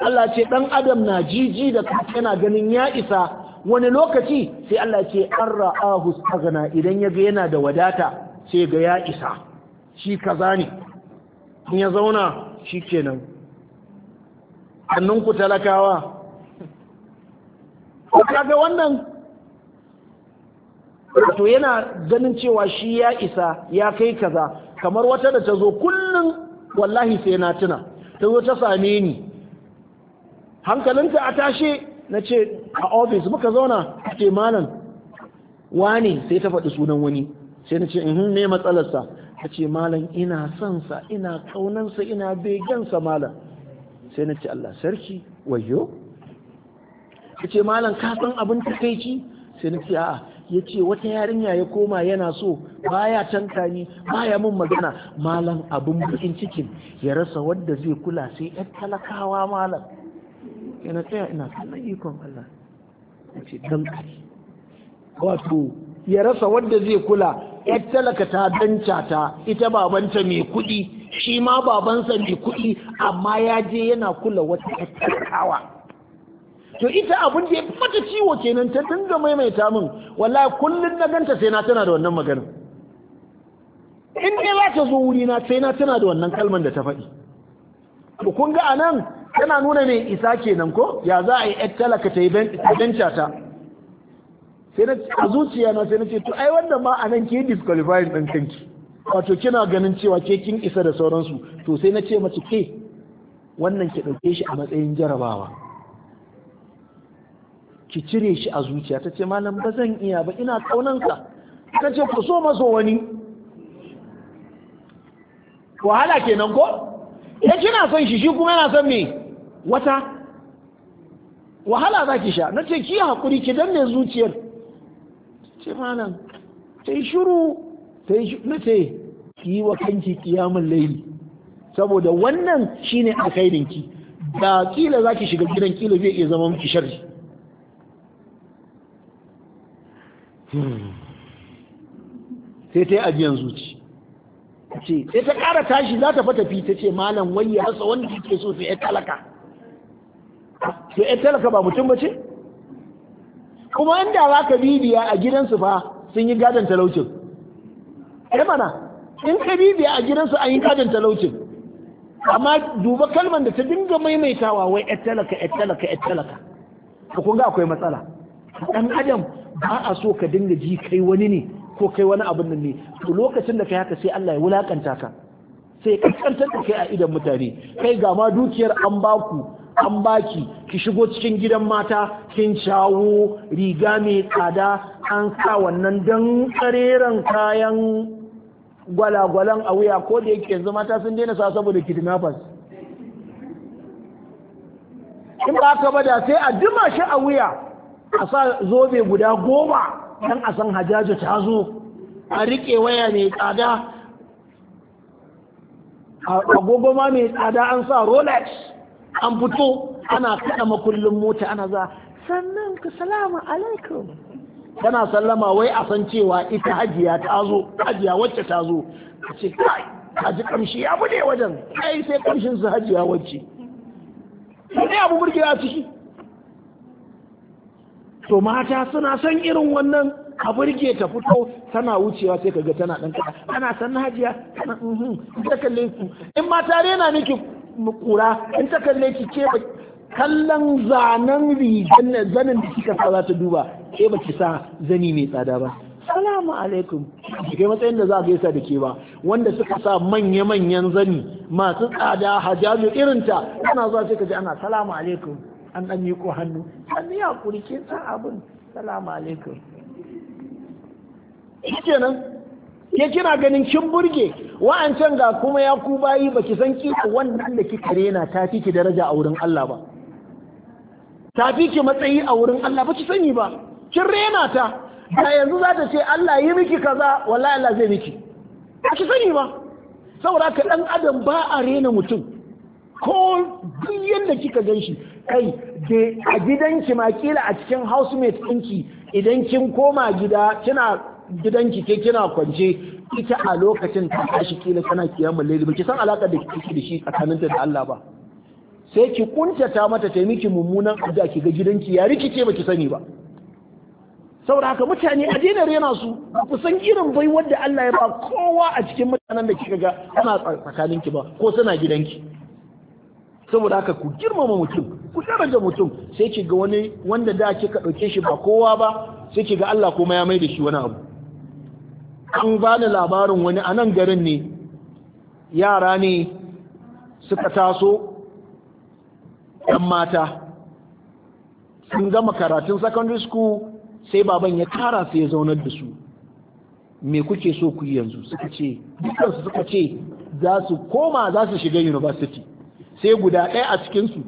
Allah ce dan adam na jiji da yana ganin ya isa wani lokaci sai Allah ce an ra'ahu staghna idan yaga yana da wadata sai ga ya isa shi kaza ne in ya zauna ke nan. hannunku talakawa kaga wannan to yana ganin cewa shi ya isa ya kai kaza kamar wata da ta zo kullum wallahi sai na tuna ta zo ta same ni hankalinta a tashe na ce a ofis muka zauna a ce malam wane sai ta faɗi sunan wani sai na ce in mhm, ne matsalarsa ta ce malam ina sansa ina kaunansa ina begensa malam sai na ce Allah sarki wayo ta ce malam ka san abin takaici sai na ce a'a ya ce wata yarinya ya koma yana so baya canka ni baya mun magana malam abin bukin cikin ya rasa wadda zai kula sai yan talakawa malam yana tsaya ina kallon ikon Allah ya ce dan kai wato ya rasa wanda zai kula yar talaka ta danca ta ita babanta mai kuɗi shi ma babansa mai kuɗi amma ya je yana kula wata talakawa to ita abin da ya fata ciwo kenan ta dinga maimaita min wallahi kullun na ganta sai na tana da wannan magana in dai za ta zo wurina sai na tana da wannan kalman da ta faɗi to kun ga anan yana nuna mai isa kenan ko ya za a yi yar talaka ta yi benca ta sai na a zuciya na sai na ce to ai wanda ma a nan ke disqualifying ɗan kanki wato kina ganin cewa ke kin isa da sauransu to sai na ce mace ke wannan ki ɗauke shi a matsayin jarabawa ki cire shi a zuciya ta ce malam ba zan iya ba ina kaunanka ta ce ku so maso wani wahala kenan ko ya kina son shi shi kuma yana son me wata wahala zaki sha na ce ki haƙuri ki danne zuciyar ce malam ta yi shuru ta na ce ki yi wa kanki kiyamun laili saboda wannan shine alkhairinki da kila za ki shiga gidan kila zai iya zama miki sharri sai ta yi ajiyar zuci sai ta ƙara tashi za ta fatafi ta ce malam wai ya rasa wanda yake so sai ya talaka to ɗan talaka ba mutum ba ce kuma inda za ka bibiya a gidansu fa sun yi gadon talaucin ya eh mana in ka bibiya a gidansu an yi gadon talaucin amma duba kalman da ta dinga maimaitawa wai ya talaka ya talaka ya talaka Ka kun akwai matsala ɗan adam ba a so ka dinga ji kai wani ne ko kai wani abin nan ne to lokacin da yi haka sai Allah ya wulakanta ka sai kaskantar da kai a idan mutane kai ga ma dukiyar an baku an baki ki shigo cikin gidan mata kin shawo riga mai tsada an sa wannan dan kareren kayan gwalagwalan a wuya ko da yake yanzu mata sun daina sa saboda kidnappers in ba ka bada sai a duma shi a wuya a sa zobe guda goma dan a san hajaja ta zo a riƙe waya mai tsada agogo ma mai tsada an sa rolex an fito ana kada makullin mota ana za sannan ka salama alaikum tana sallama wai a san cewa ita hajiya ta zo hajiya wacce ta zo a ce kai haji kamshi ya bude wajen kai sai kamshin su hajiya wacce ne abu burgewa ciki to mata suna son irin wannan a burge ta fito tana wucewa sai kaga tana dan kada ana san hajiya tana uhun ta kalle ku in ma tare na miki kura in ta kalle ki ke kallon zanen rigan zanen da kika sa za ta duba ke ba ki sa zani mai tsada ba salamu alaikum kai matsayin da za a gaisa da ke ba wanda suka sa manya-manyan zani masu tsada hajjazu irinta ana zuwa sai ka ji ana salamu alaikum an ɗan miko hannu an yi hakuri ke sa abin salamu alaikum nan ke kina ganin kin burge wa'ancan ga kuma ya ku bayi ki san kika wannan da kika rena ta fi ki daraja a wurin Allah ba ta fi ki matsayi a wurin Allah ba ki sani ba kin rena ta da yanzu za ta ce Allah yi miki kaza wallahi Allah zai miki ba ki sani ba saboda ka dan adam ba a rena mutum ko duk yanda kika ganshi kai da a gidanki ma kila a cikin housemate ɗinki idan kin koma gida kina gidanki ke kina kwance ita a lokacin ta tashi kila kana kiyamul layli ba ki san alaka da kike da shi tsakaninta da Allah ba sai ki kuntata mata ta miki mummunan addu'a ki ga gidanki ya rikice baki sani ba saboda haka mutane a dena rena su ku san irin bai wanda Allah ya ba kowa a cikin mutanen da kika ga ana ki ba ko suna gidanki saboda haka ku girmama mutum ku daraja mutum sai ki ga wani wanda da kika dauke shi ba kowa ba sai ki ga Allah kuma ya mai da shi wani abu an ba bani labarin wani a nan garin ne yara ne suka taso ɗan mata sun gama karatun secondary school sai baban ya kara su ya zaunar da su me kuke so ku yanzu suka ce dukansu suka ce za su koma za su shiga university sai guda ɗaya a cikinsu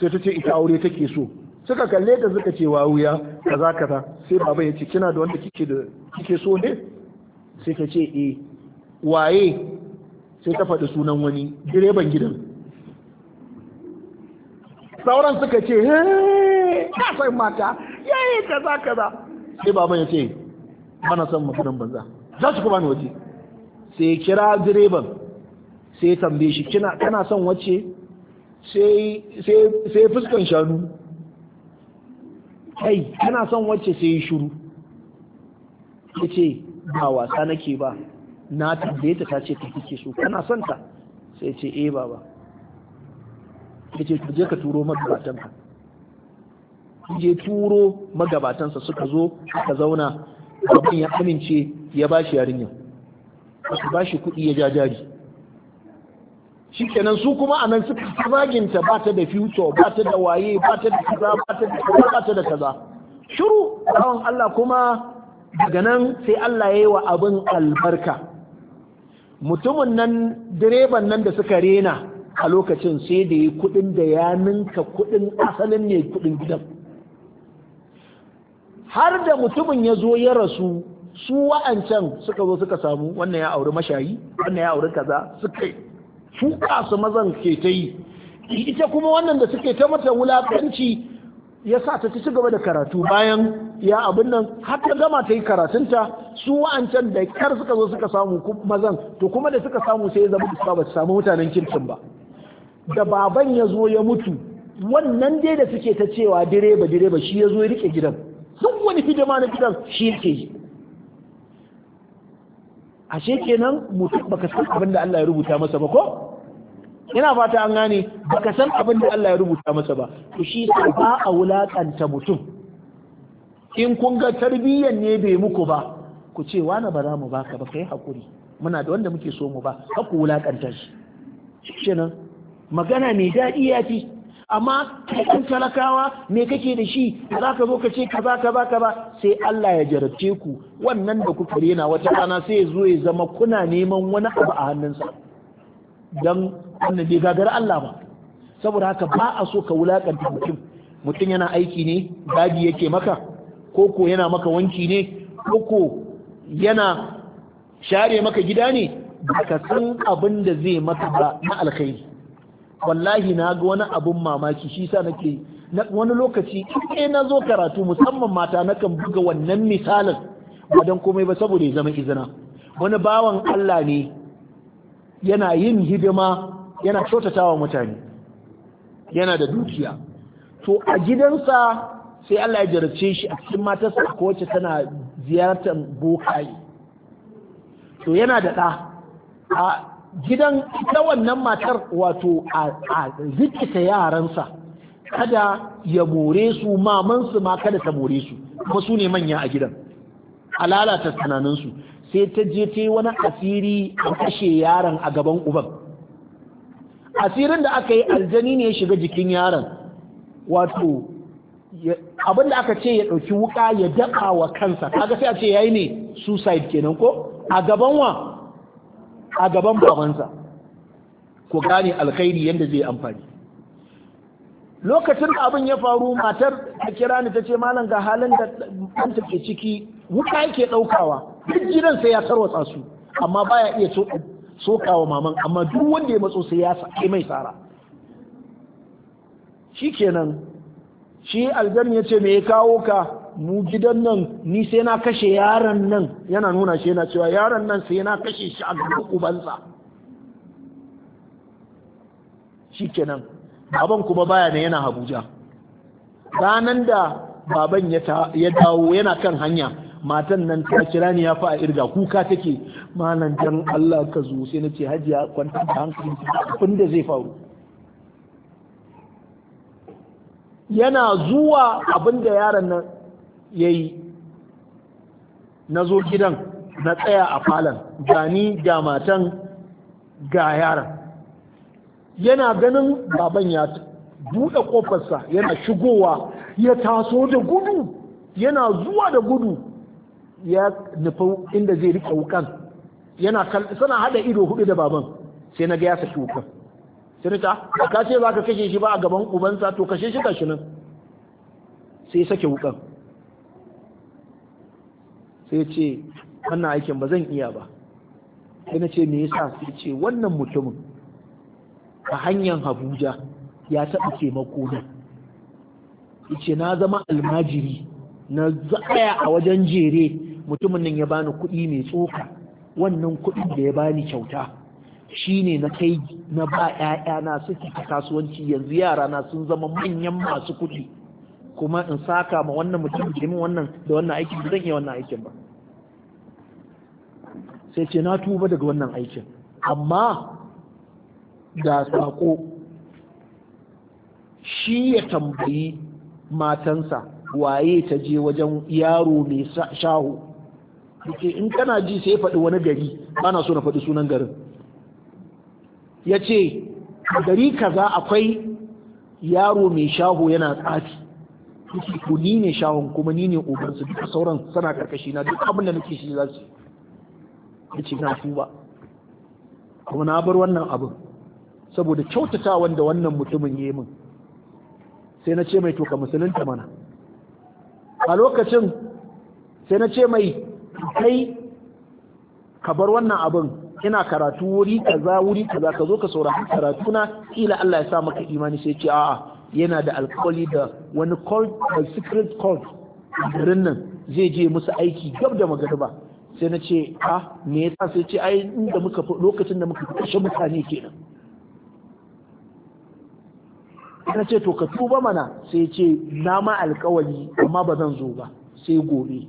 sai ta ce ita aure take so suka kalle ta suka ce wa wuya kaza kaza sai baban ya ce kina da wanda kike so ne sai ka ce e waye sai ka faɗi sunan wani direban gidan sauran suka ce ya san mata yayi kaza kaza sai baban ya ce mana son maganan banza za su kuma ni waje sai kira direban sai tambaye shi kina kana son wace sai sai fuskan shanu kai kana son wacce sai shuru ya ce ba wasa nake ba na tambaye ta ce ta kike so kana son ta sai ce eh baba yace to je ka turo magabatan ka je turo magabatansa suka zo suka zauna abin ya amince ya bashi yarinya aka bashi kuɗi ya jajari kenan su kuma nan suka zaginta ba ta da future ba ta da waye ba ta da kaza ba ta da kaza ta shiru Allah kuma daga nan sai Allah ya yi wa abin albarka mutumin nan direban nan da suka rena a lokacin sai da ya kudin da ya ninka kudin asalin ne kudin gidan har da mutumin ya zo ya rasu su wa'ancan suka zo suka samu wannan ya auri mashayi wannan ya auri kaza suka shuka su mazan ke ta yi ita kuma wannan da suke ta mata wulakanci ya sa ta ci gaba da karatu bayan ya abin nan har ta gama ta yi karatunta su wa'ancan da kar suka zo suka samu mazan to kuma da suka samu sai ya zama suka ba su samu mutanen kirkin ba da baban ya zo ya mutu wannan dai da suke ta cewa direba direba shi ya zo ya rike gidan duk wani hidima na gidan shi yake yi ashe kenan mutum baka san abin da Allah ya rubuta masa ba ko ina fata an gane baka san abin da Allah ya rubuta masa ba to shi ba a wulakanta mutum in kun ga tarbiyyar ne bai muku ba ku ce wani ba za mu baka ba kai hakuri muna da wanda muke so mu ba ka ku wulakanta shi kenan magana mai daɗi ya fi amma kan talakawa me kake da shi za ka zo ka ce kaza kaza kaza sai Allah ya jarabce ku wannan da kuka rena wata rana sai ya zo ya zama kuna neman wani abu a hannunsa dan wannan bai gagar Allah ba saboda haka ba a so ka wulakanta mutum mutum yana aiki ne gadi yake maka Koko yana maka wanki ne Koko yana share maka gida ne baka san abin da zai maka ba na alkhairi wallahi na ga wani abin mamaki shi sa nake wani lokaci in na zo karatu musamman mata nakan buga wannan misalin ba don komai ba saboda ya zama izina wani bawan Allah ne yana yin hidima yana kyautatawa mutane yana da dukiya to a gidansa sai Allah ya jarabce shi a cikin matarsa ko wacce tana ziyartar bokaye to yana da ɗa a gidan ita wannan matar wato a rikita yaransa kada ya more su mamansu ma kada ta more su kuma su ne manya a gidan a lalata tunaninsu sai ta je ta yi wani asiri a kashe yaron a gaban uban asirin da aka yi aljani ne ya shiga jikin yaron wato abin da aka ce ya ɗauki wuka ya daɓa wa kansa kaga sai a ce ya yi ne suicide kenan ko a gaban wa a gaban babansa ko gane alkhairi yadda zai amfani lokacin da abin ya faru matar ta kira ni ta ce malam ga halin da ɗanta ke ciki wuka yake ɗaukawa duk gidan sai ya tarwatsa su amma baya iya soka wa maman amma duk wanda ya matso sai ya sa mai tsara shikenan shi aljan ya ce me ya kawo ka mu gidan nan ni sai na kashe yaron nan yana nuna shi yana cewa yaron nan sai na kashe shi a gaban ubansa kenan baban kuma baya ne yana Habuja ranan da baban ya dawo yana kan hanya matan nan ta kira ni ya fi a irga kuka take malam Allah ka zo sai na nace hajiya kwanta da hankali abin da zai faru yana zuwa abin da yaron nan ya yi na zo gidan na tsaya a falon gani ga matan ga yaran yana ganin baban ya buɗe ƙofarsa yana shigowa ya taso da gudu yana zuwa da gudu ya nufi inda zai riƙe wukan yana suna haɗa ido hudu da baban sai na ga ya saki wukan sirta ka ce ba ka kashe shi ba a gaban ubansa to kashe shi kashi nan sai sake wukan sai ce wannan aikin ba zan iya ba sai na ce me yasa sai ce wannan mutumin a hanyar Habuja ya taɓa taimako na ce na zama almajiri na zaɓaya a wajen jere mutumin nan ya bani kuɗi mai tsoka wannan kuɗin da ya bani kyauta shine na kai na ba ‘ya'yana suke ta kasuwanci yanzu yara na sun zama manyan masu kuɗi kuma in saka ma wannan mutum da wannan da wannan aikin zan iya wannan aikin ba sai ce na tuba daga wannan aikin amma da sako shi ya tambayi matansa waye ta je wajen yaro mai shahu ke in kana ji sai faɗi wani gari ba na so na faɗi sunan garin ya ce gari kaza akwai yaro mai shaho yana tsafi yake ku ni ne shahon kuma ni ne ubansu duka sauran suna karkashi na duk abin da nake shi za su ya ce na ba kuma na bar wannan abin saboda kyautata wanda wannan mutumin ya yi min sai na ce mai to ka musulunta mana a lokacin sai na ce mai kai ka bar wannan abin ina karatu wuri kaza wuri kaza ka zo ka saurari karatu na kila Allah ya sa maka imani sai ce a'a yana da alkawari da wani cult a secret cult garin nan zai je musu aiki gab da magariba sai na ce a me yasa sai ce ai inda muka lokacin da muka kashe mutane kenan na ce to ka tuba mana sai ce na ma alkawari amma ba zan zo ba sai gobe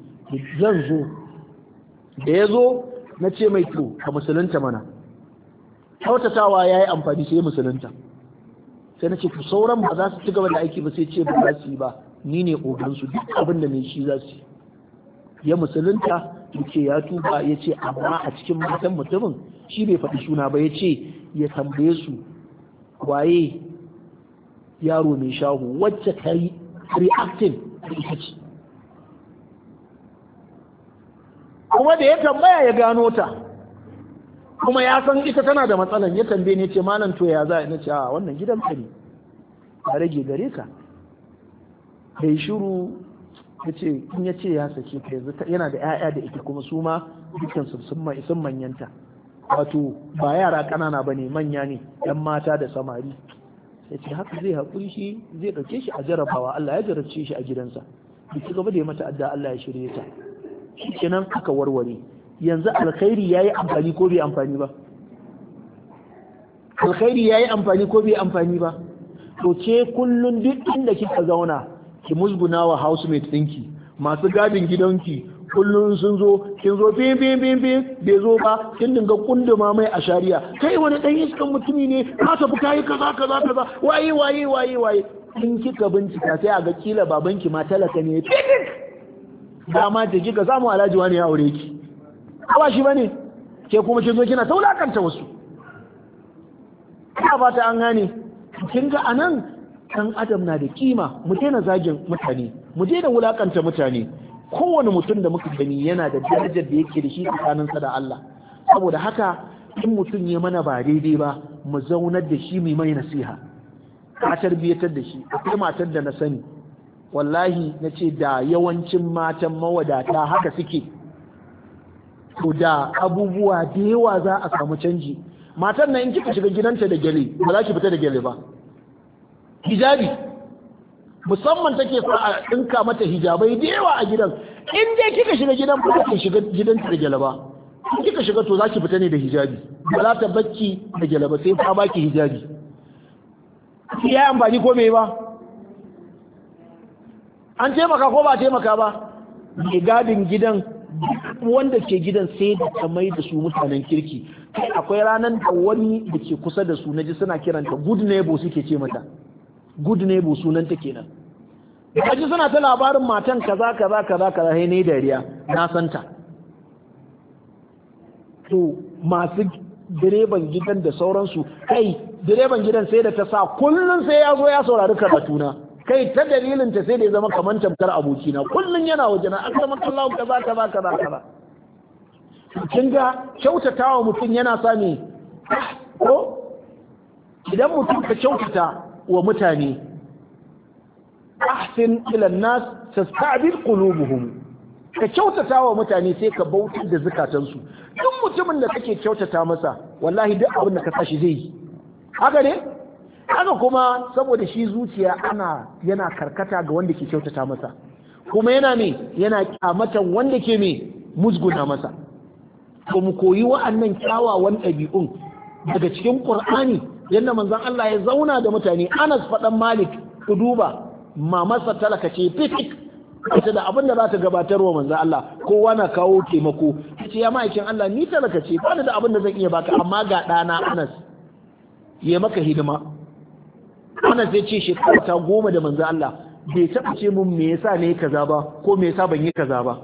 zan zo da ya zo na ce mai to ka musulunta mana kyautatawa ya yi amfani sai musulunta sai na ce ku sauran ba za su ci gaba da aiki ba sai ce ba za su yi ba ni ne ogansu duk abin da mai shi za su yi ya musulunta yake ya tuba ya ce amma a cikin matan mutumin shi bai faɗi suna ba ya ce ya tambaye su waye yaro mai shahu wacce ta yi reacting ita ce kuma da ya tambaya ya gano ta kuma ya san ita tana da matsalan ya tambaye ne ce malam to ya za na ce a wannan gidan ka ne ka rage gare ka bai shiru ya ce in ya ce ya sake ka yanzu yana da 'ya'ya da ita kuma su ma dukkan sun manyanta wato ba yara ƙanana ba ne manya ne 'yan mata da samari ya ce haka zai haƙuri shi zai ɗauke shi a jarabawa Allah ya jarabce shi a gidansa duk gaba da ya mata adda Allah ya shirye ta kenan aka warware yanzu alkhairi yayi amfani ko bai amfani ba alkhairi yayi amfani ko bai amfani ba to ce kullun duk inda kika zauna ki musguna wa housemate dinki masu gadin gidanki kullun sun zo kin zo bin bin bin bin bai zo ba kin dinga kunduma mai a shari'a kai wani dan iskan mutumi ne ka tafi kai kaza kaza kaza waye waye waye waye in kika bincika sai a ga kila babanki ma talaka ne dama ta ji ka samu alhaji wani ya aure ki ba shi bane ke kuma kin zo kina taulakanta wasu ba fata an gane kin ga anan kan adam na da kima mu daina zagin mutane mu daina wulakanta mutane kowane mutum da muka gani yana da darajar da yake da shi sa da Allah saboda haka in mutum ya mana ba daidai ba mu zaunar da shi mai mai nasiha K'a tarbiyyatar da shi akwai matar da na sani wallahi na ce da yawancin matan mawadata haka suke to da abubuwa da yawa za a samu canji matan nan in kika shiga gidanta da gyale ba za ki fita da gyale ba hijabi musamman take sa a dinka mata hijabai da yawa a gidan in dai kika shiga gidan ba ki shiga gidanta da gyale ba in kika shiga to za ki fita ne da hijabi ba za ta bakki da gyale ba sai ta baki hijabi ki ya amfani ko me ba an taimaka ko ba taimaka ba mai gadin gidan wanda ke gidan sai da ta da su mutanen kirki kai akwai ranar da wani da ke kusa da su naji suna kiranta good neighbor suke ce mata good neighbor sunan ta kenan kaji suna ta labarin matan kaza kaza kaza kaza sai ne dariya na santa to masu direban gidan da sauransu kai direban gidan sai da ta sa kullun sai ya zo ya saurari karatuna kai ta dalilin ta sai da ya zama kaman tamkar abokina kullun yana wajena an zama ka kallahu kaza ka kaza kaza kin ga kyautatawa mutum yana sa ne ko idan mutum ka kyautata wa mutane ahsin ila nas tastabil qulubuhum ka kyautata wa mutane sai ka bautar da zikatansu, duk mutumin da kake kyautata masa wallahi duk abin da ka sashi zai yi haka ne haka kuma saboda shi zuciya ana yana karkata ga wanda ke kyautata masa kuma yana ne yana kyamatan wanda ke mai musguna masa ko mu koyi wa'annan kyawawan ɗabi'un daga cikin Ƙur'ani yadda manzon Allah ya zauna da mutane Anas faɗan Malik ku duba mamarsa talaka ce fitik ita da abin da za ta gabatar wa manzan Allah kowa na kawo taimako ce ya ma'aikin Allah ni talaka ce ba da abin da zan iya baka amma ga ɗana Anas ya maka hidima ana sai ce shekara ta goma da manzan Allah bai taɓa ce mun me yasa ne kaza ba ko me yasa ban yi kaza ba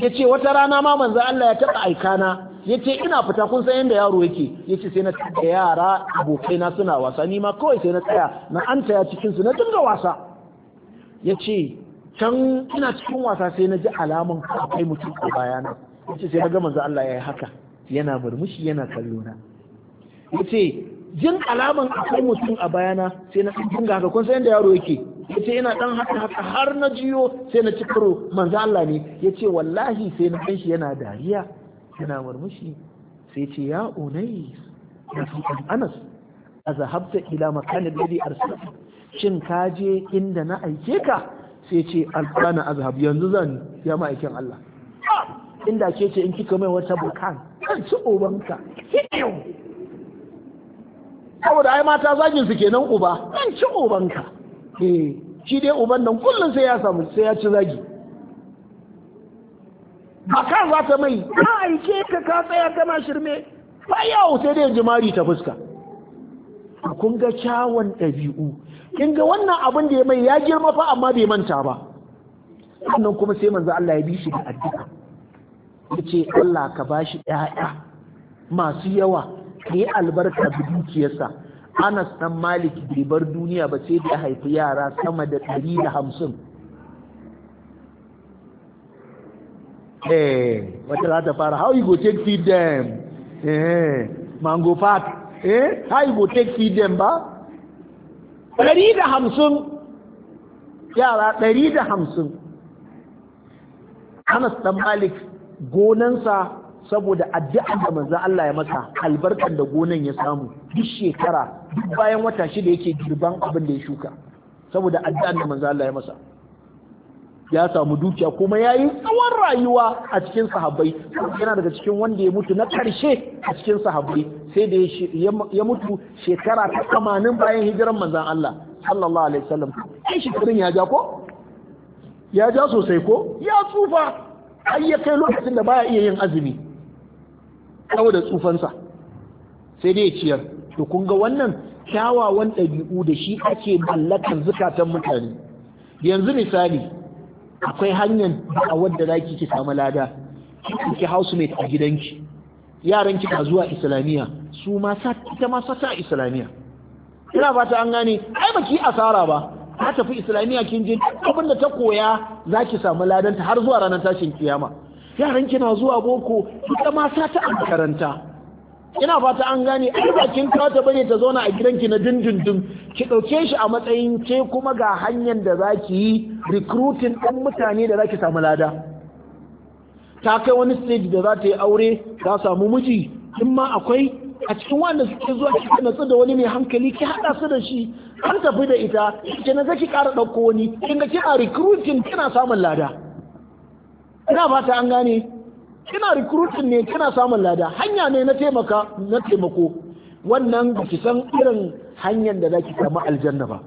ya ce wata rana ma manzan Allah ya taɓa aikana ya ce ina fita kun san yadda yaro yake ya ce sai na tsaya yara abokaina suna wasa ni ma kawai sai na tsaya na an taya cikinsu na dinga wasa ya ce can ina cikin wasa sai na ji alamun akwai mutum a bayana ya ce sai na ga manzan Allah ya yi haka yana murmushi yana kallona ya ce jin alaman akwai mutum a bayana sai na cikin ga haka kun san yadda yaro yake ce ina dan haka haka har na jiyo sai na ci karo manzo Allah ne Ya ce wallahi sai na kanshi yana dariya yana murmushi sai ce ya unai ya fi anas a zahabta ila makanin ladi arsal shin ka je inda na aike ka sai ce alfana azhab yanzu zan ya ma'aikin Allah inda ke ce in kika mai wata bukan kan ci obanka saboda ai mata zagin su kenan uba an ci ubanka eh shi dai uban nan kullum sai ya samu sai ya ci zagi kan za ta mai ka aike ka ka tsaya kana shirme ba yau sai dai jimari ta fuska A kun ga kyawun ɗabi'u kin ga wannan abin da ya mai ya girma fa amma bai manta ba sannan kuma sai manzo Allah ya bi shi da addu'a yace Allah ka bashi ƴaƴa masu yawa yi albarka da dukiyarsa anas dan malik bai bar duniya ba sai da ya haifi yara sama da ɗari da hamsin eh wata za ta fara how you go take feed them eh mango fat eh how you go take feed them ba ɗari da hamsin yara ɗari da hamsin anas dan malik gonansa saboda addu'ar da manzon Allah ya masa albarkar da gonan ya samu duk shekara duk bayan wata shida yake girban abin da ya shuka saboda addu'an da manzon Allah ya masa ya samu dukiya kuma ya yi tsawon rayuwa a cikin sahabbai yana daga cikin wanda ya mutu na karshe a cikin sahabbai sai da ya mutu shekara ta tamanin bayan hijiran manzan Allah sallallahu alaihi wasallam ai shekarun ya ja ko ya ja sosai ko ya tsufa ai ya kai lokacin da baya iya yin azumi da tsufansa sai dai ya ciyar to kun ga wannan kyawawan ɗabi'u da shi ake mallakan zukatan mutane yanzu misali akwai hanyar a wadda za ki samu lada ki housemate a gidanki yaran ki zuwa islamiyya su ma sa ta ma ta islamiyya ina fata an gane ai baki asara ba ka tafi islamiyya kin je abinda ta koya zaki samu ladanta har zuwa ranar tashin kiyama yaran na zuwa boko ita ma ta a makaranta ina fata an gane ai bakin ta bane ta zauna a gidanki na dindindin ki dauke shi a matsayin ce kuma ga hanyar da zaki yi recruiting ɗin mutane da zaki samu lada ta kai wani stage da za ta yi aure ta samu miji in ma akwai a cikin wanda suke zuwa ki kana da wani mai hankali ki haɗa su da shi an tafi da ita ki na zaki ƙara ɗauko wani kinga kina recruiting kina samun lada ina fata an gane kina recruiting ne kina samun lada hanya ne na taimaka na taimako wannan ki san irin hanyar da zaki samu aljanna ba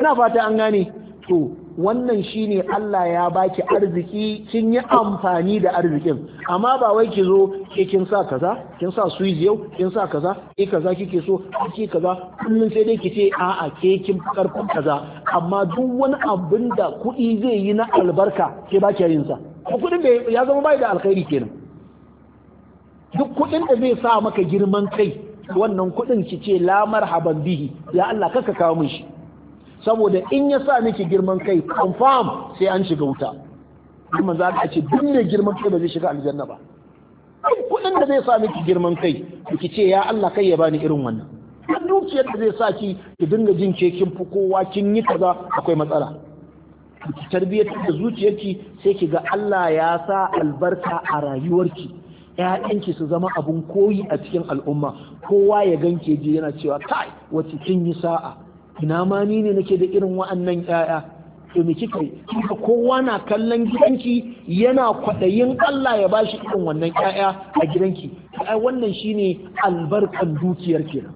ina fata an gane to wannan shine Allah ya baki arziki kin yi amfani da arzikin amma ba wai ki zo ke eh, kin sa kaza kin sa sweet yau kin sa kaza eh kaza kike so kike kaza kullun sai dai kice a'a ke kin karfin kaza amma duk wani abin da kuɗi zai yi na albarka ke ba ki yin sa kuɗin da ya zama bai da alkhairi kenan duk kuɗin da zai sa maka girman kai wannan kuɗin ki ce la marhaban bihi ya Allah kaka kawo mun shi saboda in ya sa miki girman kai confirm sai an shiga wuta kuma za ka ce duk mai girman kai ba zai shiga aljanna ba kudin da zai sa miki girman kai ki ce ya Allah kai ya bani irin wannan duk dukiyar da zai sa ki ki dinga jin ke kin fi kowa kin yi kaza akwai matsala ki tarbiyyar da zuciyarki sai ki ga Allah ya sa albarka a rayuwarki ƴaƴanki su zama abun koyi a cikin al'umma kowa ya ganke ji yana cewa kai wacce kin yi sa'a ina ma ni ne nake da irin wa'annan 'ya'ya to me kika yi kowa na kallon gidanki yana kwaɗayin Allah ya bashi irin wannan 'ya'ya a gidanki ai wannan shine albarkan dukiyar kenan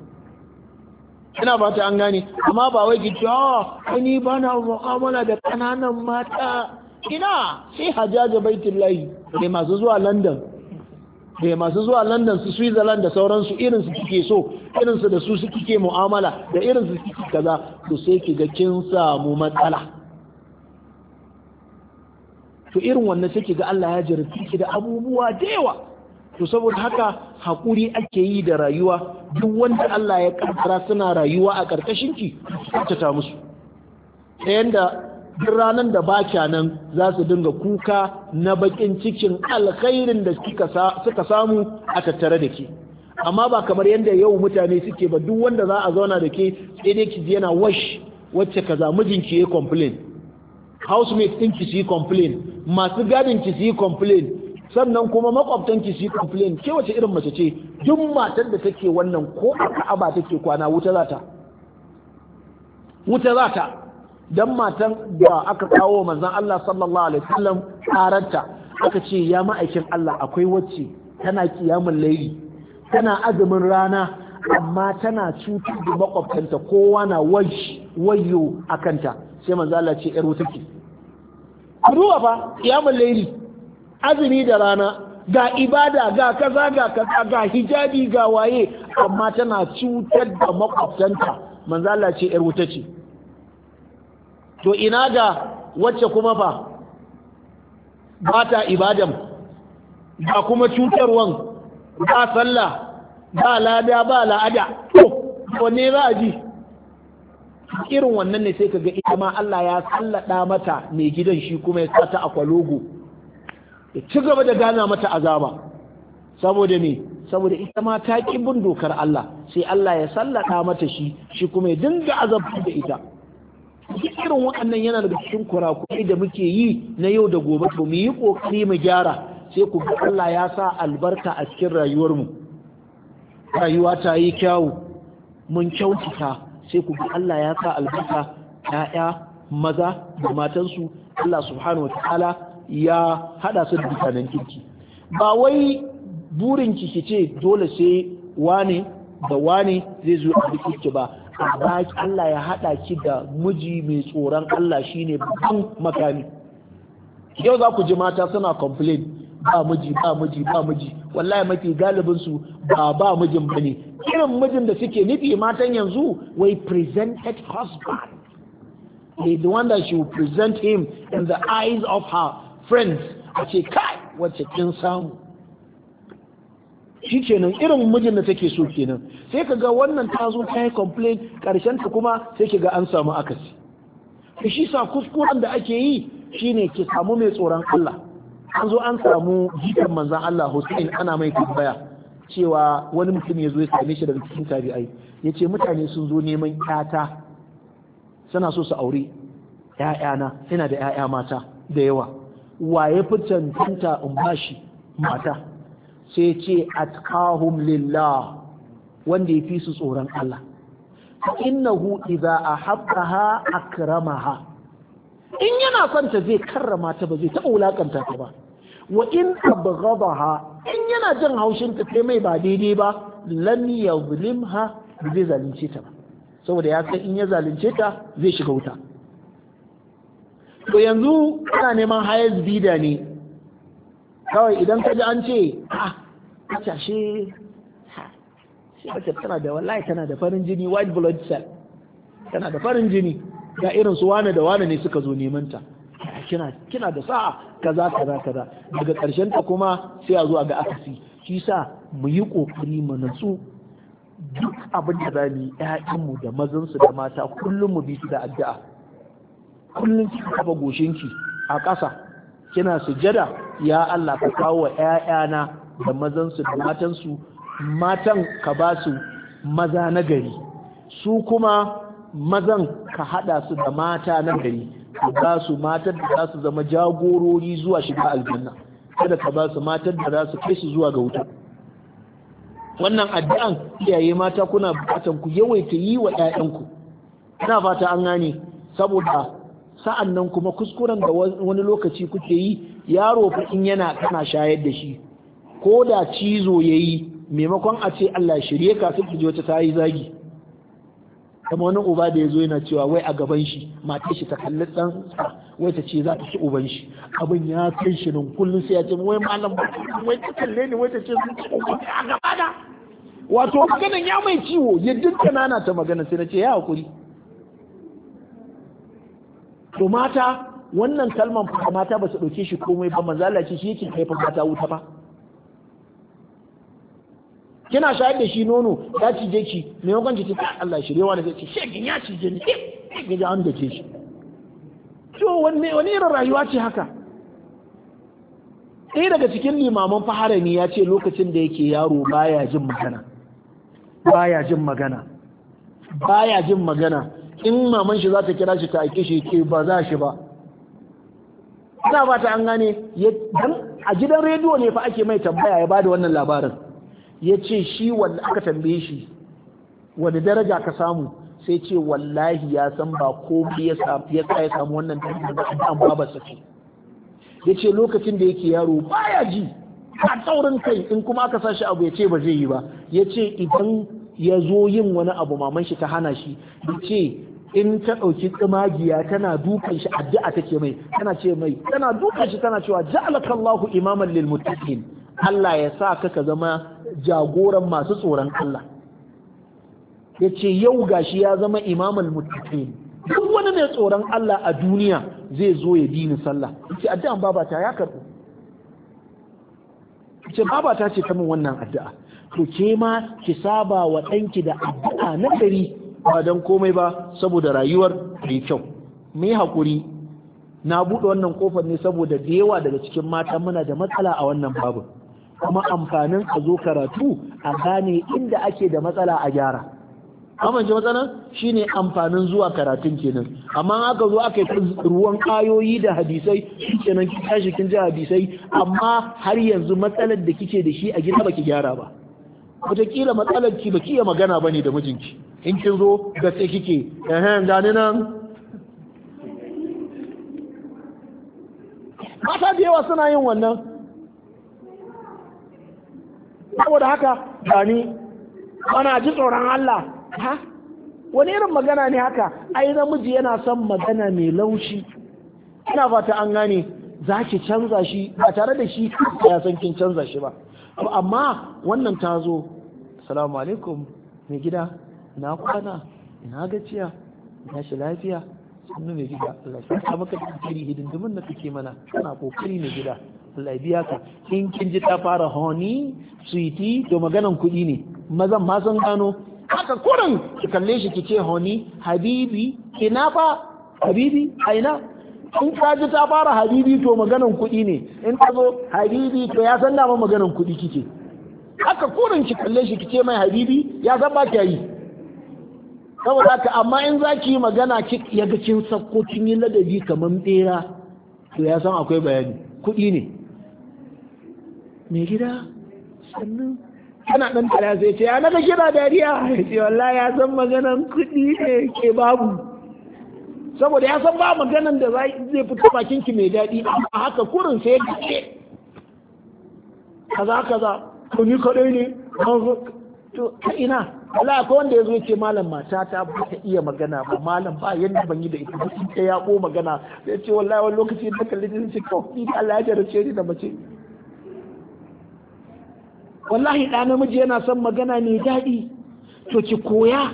ina ba ta an gane amma ba wai ki ce a ah, ni ba na mu'amala da kananan mata ina sai hajjaja baitullahi da masu zuwa london da masu zuwa london su switzerland da sauransu irinsu kike so irinsu da su su kike mu'amala da irinsu kike kaza to sai ki ga kin samu matsala to irin wannan sai ki ga Allah ya jirfi ki da abubuwa da yawa to saboda haka hakuri ake yi da rayuwa duk wanda Allah ya kaddara suna rayuwa a karkashin ki ta musu ɗayan da duk ranar da bakya nan za su dinga kuka na bakin cikin alkhairin da suka samu a tattare da ke amma ba kamar yadda yau mutane suke ba duk wanda za a zauna da ke sai dai ki yana wash wacce kaza mijinki ya complain housemate ɗin ki yi complain masu gadin ki su yi complain sannan kuma makwabtan ki su yi complain ke wace irin mace ce duk matar da take wannan ko a ka'aba take kwana wuta za wuta za ta dan matan da aka kawo manzon Allah sallallahu alaihi wasallam karanta aka ce ya ma'aikin Allah akwai wacce tana kiyamun laili tana azumin rana amma tana cutar da makwabtanta kowa na wayo a kanta sai manzon Allah ce yar wuta ruwa fa kiyamun laili azumi da rana ga ibada ga kaza ga kaza ga hijabi ga waye amma tana cutar da makwabtanta manzon Allah ce yar wuta ce to ina ga wacce kuma fa ba ta ibadan ba kuma cutarwan ba sallah ba lada ba la'ada to wanne za a ji irin wannan ne sai kaga ita ma Allah ya sallada mata mai gidan shi kuma ya sata a kwalogo ya ci gaba da gana mata azaba saboda me saboda ita ma ta ki bin dokar Allah sai Allah ya sallada mata shi shi kuma ya dinga azabta da ita duk irin waɗannan yana daga cikin kurakurai da muke yi na yau da gobe to mu yi ƙoƙari mu gyara sai ku ga Allah ya sa albarka a cikin rayuwarmu rayuwa ta yi kyawu mun kyautata sai ku ga Allah ya sa albarka ƴaƴa maza da matansu Allah subhanahu wa ta'ala ya hada su da mutanen kirki ba wai burin ki ce dole sai wane da wane zai zo a ba baki Allah ya haɗa ki da miji mai tsoron Allah shine babban makami yau za ku ji mata suna complain ba miji ba miji ba miji wallahi mafi galibin su ba ba mijin bane irin mijin da suke nufi matan yanzu wai presented husband the one that she will present him in the eyes of her friends a ce kai wacce kin samu shi kenan irin mijin da take so kenan sai ka ga wannan ta zo ta yi complain karshen ta kuma sai ki ga an samu akasi to shi sa kuskuren da ake yi shine ki samu mai tsoron Allah an zo an samu jikan manzan Allah Hussein ana mai tambaya cewa wani mutum ya zo ya same shi daga cikin tabi'ai ya ce mutane sun zo neman ƴata suna so su aure ƴaƴana yana da ƴaƴa mata da yawa wa ya fi cancanta in bashi mata sai ce atqahum lillah wanda ya fi su tsoron Allah fa innahu idza ahabbaha akramaha in yana son ta zai karrama ta ba zai taɓa wulakanta ta ba wa in abghadaha in yana jin haushin ta sai mai ba daidai ba lam yuzlimha zai zalunce ta ba saboda ya san in ya zalunce ta zai shiga wuta to yanzu ana neman hayar bida ne kawai idan ka ji an ce ah, a cashe shi mace tana da wallahi tana da farin jini white blood cell tana da farin jini ga irin su wane da wane ne suka zo neman ta ah, kina kina da sa'a kaza kaza kaza daga karshen ta kuma sai a zo a ga akasi shi sa mu yi kokari mu natsu duk abin da zamu yi mu da mazan su da mata kullum mu bi su da addu'a kullum ki kafa goshin ki a ƙasa kina sujada ya Allah ka kawo wa ‘ya'yana da mazansu da matansu matan ka ba su maza na gari su kuma mazan ka haɗa su da mata na gari ka ba su matan da za su zama jagorori zuwa shiga aljanna kada ka ba su matan da za su kai su zuwa ga wuta wannan addu'an iyaye mata kuna bukatan ku yawaita yi wa ‘ya'yanku ina fata an gane saboda sa'an nan kuma kuskuren da wani lokaci kuke yi yaro fa in yana kana shayar da shi ko da cizo yayi maimakon a ce Allah shirye ka su ki ji wata tayi zagi kama wani uba da ya zo yana cewa wai a gaban shi mata shi ta kalli dan wai ta ce za ta ci uban shi abin ya kai shi nan kullum sai ya ce wai malam ba wai ta kalle ni wai ta ce sun ci uban a gaba da wato maganan ya mai ciwo ya dinka nana ta magana sai na ce ya hakuri to mata wannan kalman fa mata ba su ɗauke shi komai ba manzala ce shi yake kai fa mata wuta ba kina shayar da shi nono ya cije ki me yawan ki ta Allah rewa da zai ci shegin ya cije ni ga ji an da shi to wanne wani irin rayuwa ce haka ɗaya daga cikin limaman ne ya ce lokacin da yake yaro baya jin magana baya jin magana baya jin magana in maman shi za ta kira shi ta aike shi ke ba za shi ba ina ba ta an gane dan a gidan rediyo ne fa ake mai tambaya ya bada wannan labarin ya ce shi wanda aka tambaye shi wani daraja ka samu sai ce wallahi ya san ba ko ya sa ya samu wannan daraja da ya ce lokacin da yake yaro baya ji a tsaurin kai in kuma aka sa shi abu ya ce ba zai yi ba ya ce idan ya zo yin wani abu maman shi ta hana shi ya ce in ta ɗauki tsumagiya tana dukan shi addu'a take mai tana ce mai tana dukan shi tana cewa ja'alaka Allahu imaman lil muttaqin Allah ya sa ka ka zama jagoran masu tsoron Allah yace yau gashi ya zama imamul muttaqin duk wani mai tsoron Allah a duniya zai zo ya bi ni sallah yace addu'an babata ya karbu yace babata ce ta min wannan addu'a to ke ma ki saba wa danki da addu'a na gari ba don komai ba saboda rayuwar mai kyau mai haƙuri na buɗe wannan ƙofar ne saboda da yawa daga cikin mata muna da matsala a wannan babu kuma amfanin a zo karatu a gane inda ake da matsala a gyara amince matsala shine amfanin zuwa karatun kenan amma aka zo aka yi ruwan ayoyi da hadisai kenan kin tashi kin ji hadisai amma har yanzu matsalar da kike da shi a gida baki gyara ba wataƙila matsalar ki baki iya magana ne da mijinki in kin zo ga sai kike ehem gani nan mata da yawa suna yin wannan saboda haka gani ana ji tsoron Allah ha wani irin magana ne haka ai namiji yana son magana mai laushi ina fata an gane za ki canza shi ba tare da shi ya san kin canza shi ba to amma wannan ta zo salamu alaikum mai gida na kwana na gaciya na shi lafiya sannu mai gida Allah ya saka maka kokari hidindimin da kake mana kana kokari mai gida Allah ya biya ka in kin ji ta fara honi, suiti to maganan kuɗi ne mazan ma sun gano haka kurin ki kalle shi kike honi habibi ina fa habibi a ina in ka ji ta fara habibi to maganan kuɗi ne in ta zo habibi to ya san dama maganan kuɗi kike haka kurin ki kalle shi kike mai habibi ya san ba ki yi saboda haka amma in za ki yi magana ki ya ga kin sakko kin yi ladabi kamar bera to ya san akwai bayani kuɗi ne me gida sannan kana ɗan tara sai ce ya naga kira dariya ya ce wallahi ya san maganan kuɗi ne ke babu saboda ya san ba maganan da zai fita bakin ki mai daɗi a haka kurin sai ya ce kaza kaza to ni kadai ne to ka ina Allah akwai wanda ya zo ce malam matata ba ta iya magana ba malam ba yadda ban yi da ita ba ta ya ko magana sai ce wallahi wani lokaci da kalli din shi ko ni Allah ya jarace ni da mace wallahi ɗa namiji yana son magana mai daɗi to ki koya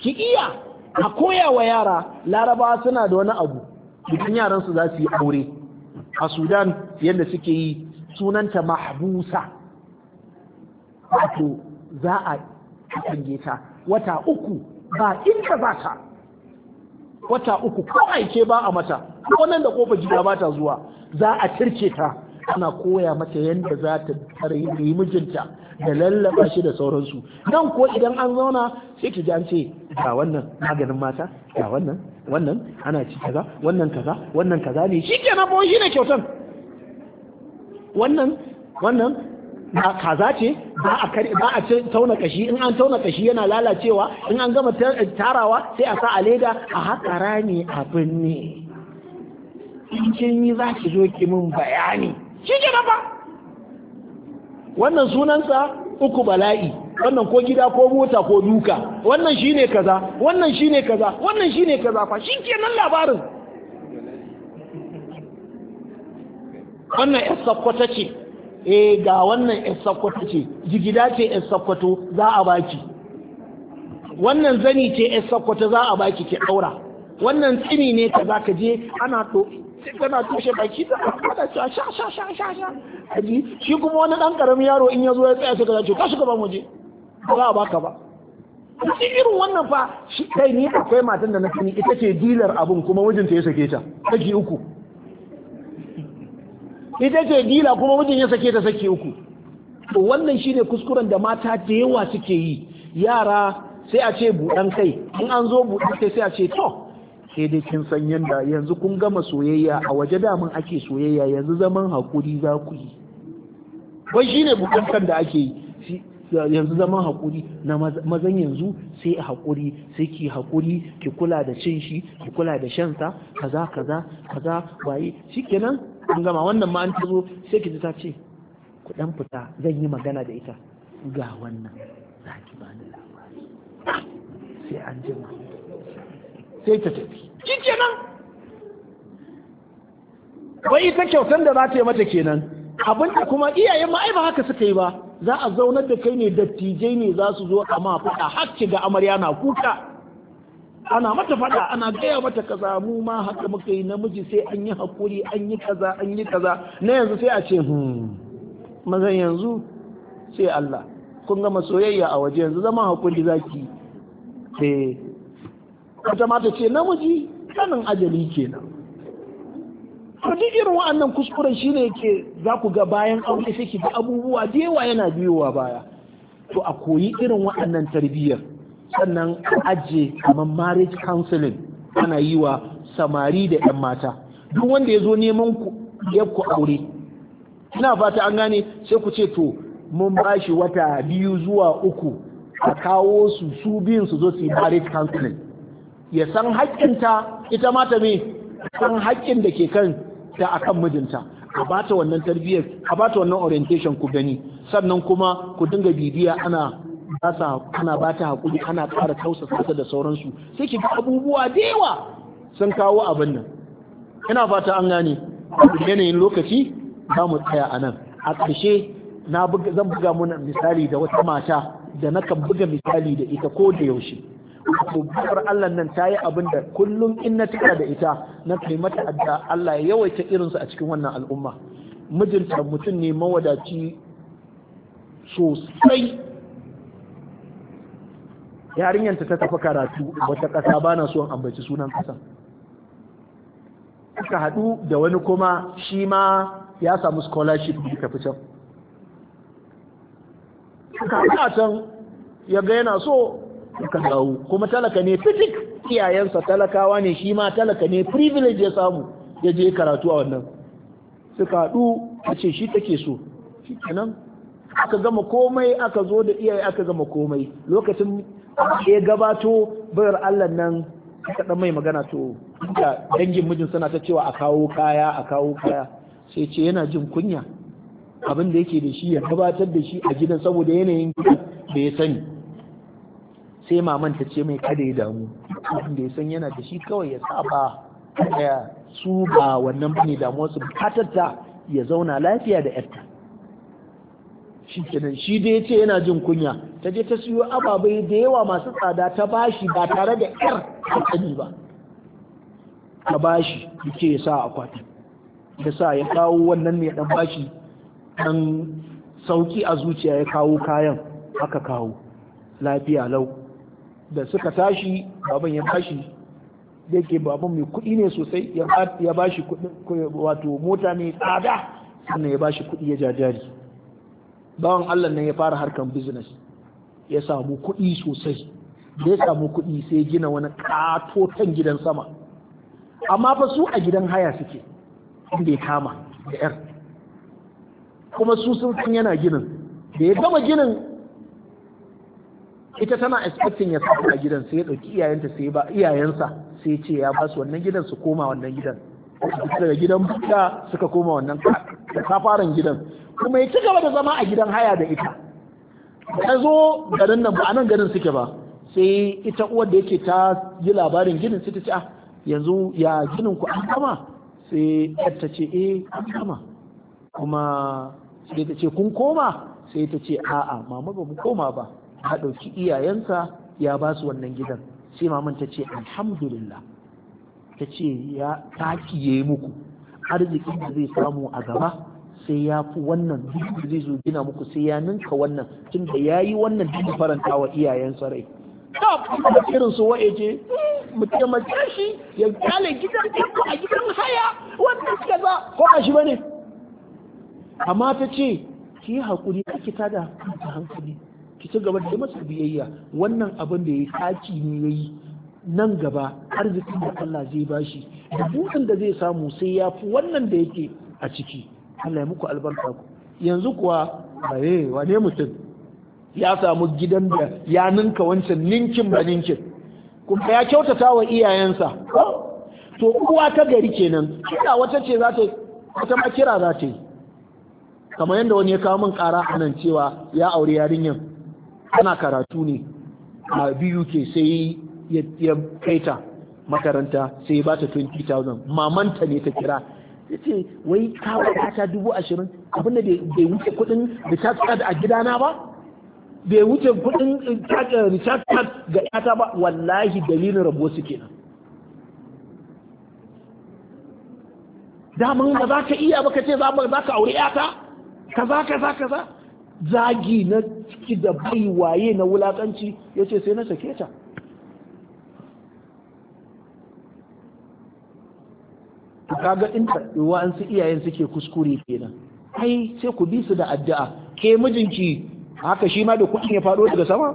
ki iya a koya wa yara larabawa suna da wani abu idan yaransu za su yi aure a sudan yadda suke yi sunanta mahbusa wato za a kange ta wata uku ba inda za ta wata uku ko aike ba a mata ko nan da kofa gida ba ta zuwa za a circe ta ana koya mata yadda za ta yi mijinta da lallaba shi da sauransu nan ko idan an zauna sai ki ji an ce ga wannan maganin mata ga wannan wannan ana ci kaza wannan kaza wannan kaza ne shi ke nafo shi ne kyautan wannan wannan na kaza ce ba a kare ba a tauna kashi in an tauna kashi yana lalacewa in an gama tarawa sai a sa a leda a haƙa rani abin ne in kin yi za ki zo ki min bayani shi ke ba wannan sunansa uku bala'i wannan ko gida ko mota ko duka wannan shine kaza wannan shine kaza wannan shine kaza fa shi ke nan labarin wannan yan ce eh ga wannan yan ce jigida ce yan za a baki wannan zani ce yan za a baki ke ɗaura wannan tsini ne kaza ka je ana to sai kana tushe baki da kada sha sha sha sha sha sha aji shi kuma wani dan karamin yaro in ya zo ya tsaya sai ka ce tashi ba mu je ba za a baka ba shi irin wannan fa shi kai ni akwai matan da na sani ita ce dilar abun kuma ta ya sake ta saki uku ita ce dila kuma mijin ya sake ta saki uku to wannan shine kuskuren da mata da yawa suke yi yara sai a ce buɗan kai in an zo buɗan kai sai a ce to ke dai kin san yanda yanzu kun gama soyayya a waje daman ake soyayya yanzu zaman hakuri za ku yi wai shine bukatar da ake yi yanzu zaman hakuri na mazan yanzu sai a hakuri sai ki hakuri ki kula da cin shi ki kula da shan sa kaza kaza kaza waye shikenan kun gama wannan ma an tazo sai ki ji ta ce ku dan fita zan yi magana da ita ga wannan zaki bani labari sai an jima sai ta tafi nan. wai ita kyautar da za ta yi mata kenan abin da kuma iyayen ma ai ba haka suka yi ba za a zaunar da kai ne dattijai ne za su zo a ma faɗa Hakki ga amarya na kuka ana mata faɗa ana gaya mata kaza mu ma haka muka yi namiji sai an yi hakuri an yi kaza an yi kaza na yanzu sai a ce hmm, mazan yanzu sai Allah kun gama soyayya a waje yanzu zama hakuri zaki eh wata mata ce namiji kanin ajali kenan to duk irin wa'annan kuskuren shine ke za ku ga bayan aure sai ki ga abubuwa da yawa yana biyowa baya to a koyi irin wa'annan tarbiyyar sannan ajiye kamar marriage counseling ana yi wa samari da 'yan mata duk wanda ya zo neman ku aure ina fata an gane sai ku ce to mun ba shi wata biyu zuwa uku a kawo su su biyun su zo su yi marriage counseling ya san haƙƙinta ita ma ta me san haƙƙin da ke kan ta akan mijinta a bata wannan tarbiyyar a bata wannan orientation ku gani sannan kuma ku dinga bibiya ana bata ana bata hakuri ana ƙara tausasa ta da sauransu sai ki ga abubuwa da yawa sun kawo abin nan ina fata an gane yanayin lokaci za mu tsaya a nan a ƙarshe na zan buga mana misali da wata mata da nakan buga misali da ita ko da yaushe bukukuwar Allah nan ta yi abin da kullum in na tuka da ita na kai mata adda Allah ya yawaita irinsu a cikin wannan al'umma mijinta mutum ne mawadaci sosai yarinyanta ta tafi karatu wata ƙasa ba na son ambaci sunan ƙasa suka haɗu da wani kuma shi ma ya samu scholarship da fi can suka haɗu a can ya yana so suka dawo kuma talaka ne fitik iyayensa talakawa ne shi ma talaka ne privilege ya samu ya je karatu a wannan suka haɗu a ce shi take so shi kenan aka gama komai aka zo da iyaye aka gama komai lokacin ya gabato bayar Allah nan aka dan mai magana to da dangin mijin suna ta cewa a kawo kaya a kawo kaya sai ce yana jin kunya abin da yake da shi ya gabatar da shi a gidan saboda yanayin da ya sani sai maman ta ce mai kada ya damu da ya san yana da shi kawai ya saba ya su ba wannan bane damuwar su bukatar ta ya zauna lafiya da yarta shi kenan shi da ya ce yana jin kunya ta je ta siyo ababai da yawa masu tsada ta bashi ba tare da yar kani ba ta bashi yake ya sa akwati ya sa ya kawo wannan ne dan bashi dan sauki a zuciya ya kawo kayan aka kawo lafiya lau da suka tashi baban ya bashi da yake baban mai kuɗi ne sosai ya bashi wato mota ne tsada sannan ya bashi kuɗi ya jajari bawan Allah nan ya fara harkan business ya samu kuɗi sosai da ya samu kuɗi sai gina wani katotan gidan sama amma fa su a gidan haya suke inda ya kama da yar kuma su sun san yana ginin da ya gama ginin ita tana expecting ya saka a gidan sai ya dauki iyayenta sai ba iyayensa sai ce ya ba su wannan gidan su koma wannan gidan daga gidan buka suka koma wannan kafaran gidan kuma ya ci gaba da zama a gidan haya da ita ka zo garin nan ba a nan garin suke ba sai ita uwar da yake ta yi labarin ginin sai ta ce ah yanzu ya ginin ku an kama sai ta ce eh an kama kuma sai ta ce kun koma sai ta ce a'a mama ba mu koma ba ya ɗauki iyayensa ya ba su wannan gidan sai maman ta ce alhamdulillah ta ce ya takiye muku arziki da zai samu a gaba sai ya fi wannan duk zai zo gina muku sai ya ninka wannan tun da ya yi wannan duk faranta wa iyayensa rai ta da irin su waye ce mutum shi ya kyale gidan a gidan haya wanda suka za ko a shi bane amma ta ce ki yi haƙuri kake tada hankali ki ci gaba da masa biyayya wannan abin da ya kaci ne ya yi nan gaba arzikin da Allah zai bashi da buɗin da zai samu sai ya fi wannan da yake a ciki Allah ya muku albarka ku yanzu kuwa bare wane mutum ya samu gidan da ya ninka wancan ninkin ba ninkin kuma ya kyautata wa iyayensa to uwa ta gari kenan kira wata ce za ta wata makira kira za ta yi kamar yadda wani ya kawo min kara a nan cewa ya aure yarinyar. ana karatu ne a biyu ke sai ya kaita makaranta sai ya bata 20,000 mamanta ne ta kira ta ce wai kawo ta dubu ashirin abinda bai wuce kudin Richard card a gidana ba bai wuce kudin eh, Richard eh, card ga yata ba wallahi dalilin rabo su kenan daman ba za ka iya ba ka ce za ka aure yata kaza kaza kaza zagi na ciki da bai waye na wulakanci ya ce sai na sake ta kaga inda wa'ansu iyayen suke kuskure kenan ai sai ku bi su da addu'a ke mijinki haka shi ma da kuɗin ya faɗo daga sama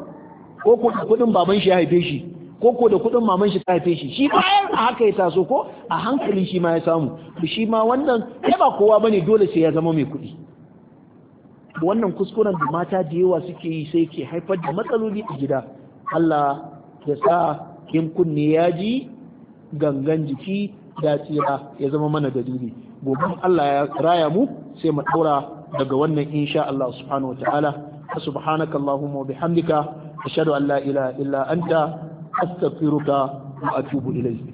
ko ko da kuɗin baban shi ya haife shi ko ko da kuɗin maman shi ta haife shi shi bayan a haka ya taso ko a hankali shi ma ya samu shi ma wannan ba kowa bane dole sai ya zama mai kuɗi wannan kuskuren da mata da yawa suke yi sai ke haifar da matsaloli a gida Allah ya sa kin kunne ya ji gangan jiki da tsira ya zama mana dalili gobe Allah ya raya mu sai mu daura daga wannan insha Allah subhanahu wa ta'ala subhanaka allahumma wa bihamdika ashhadu an la ilaha illa anta astaghfiruka wa atubu ilayk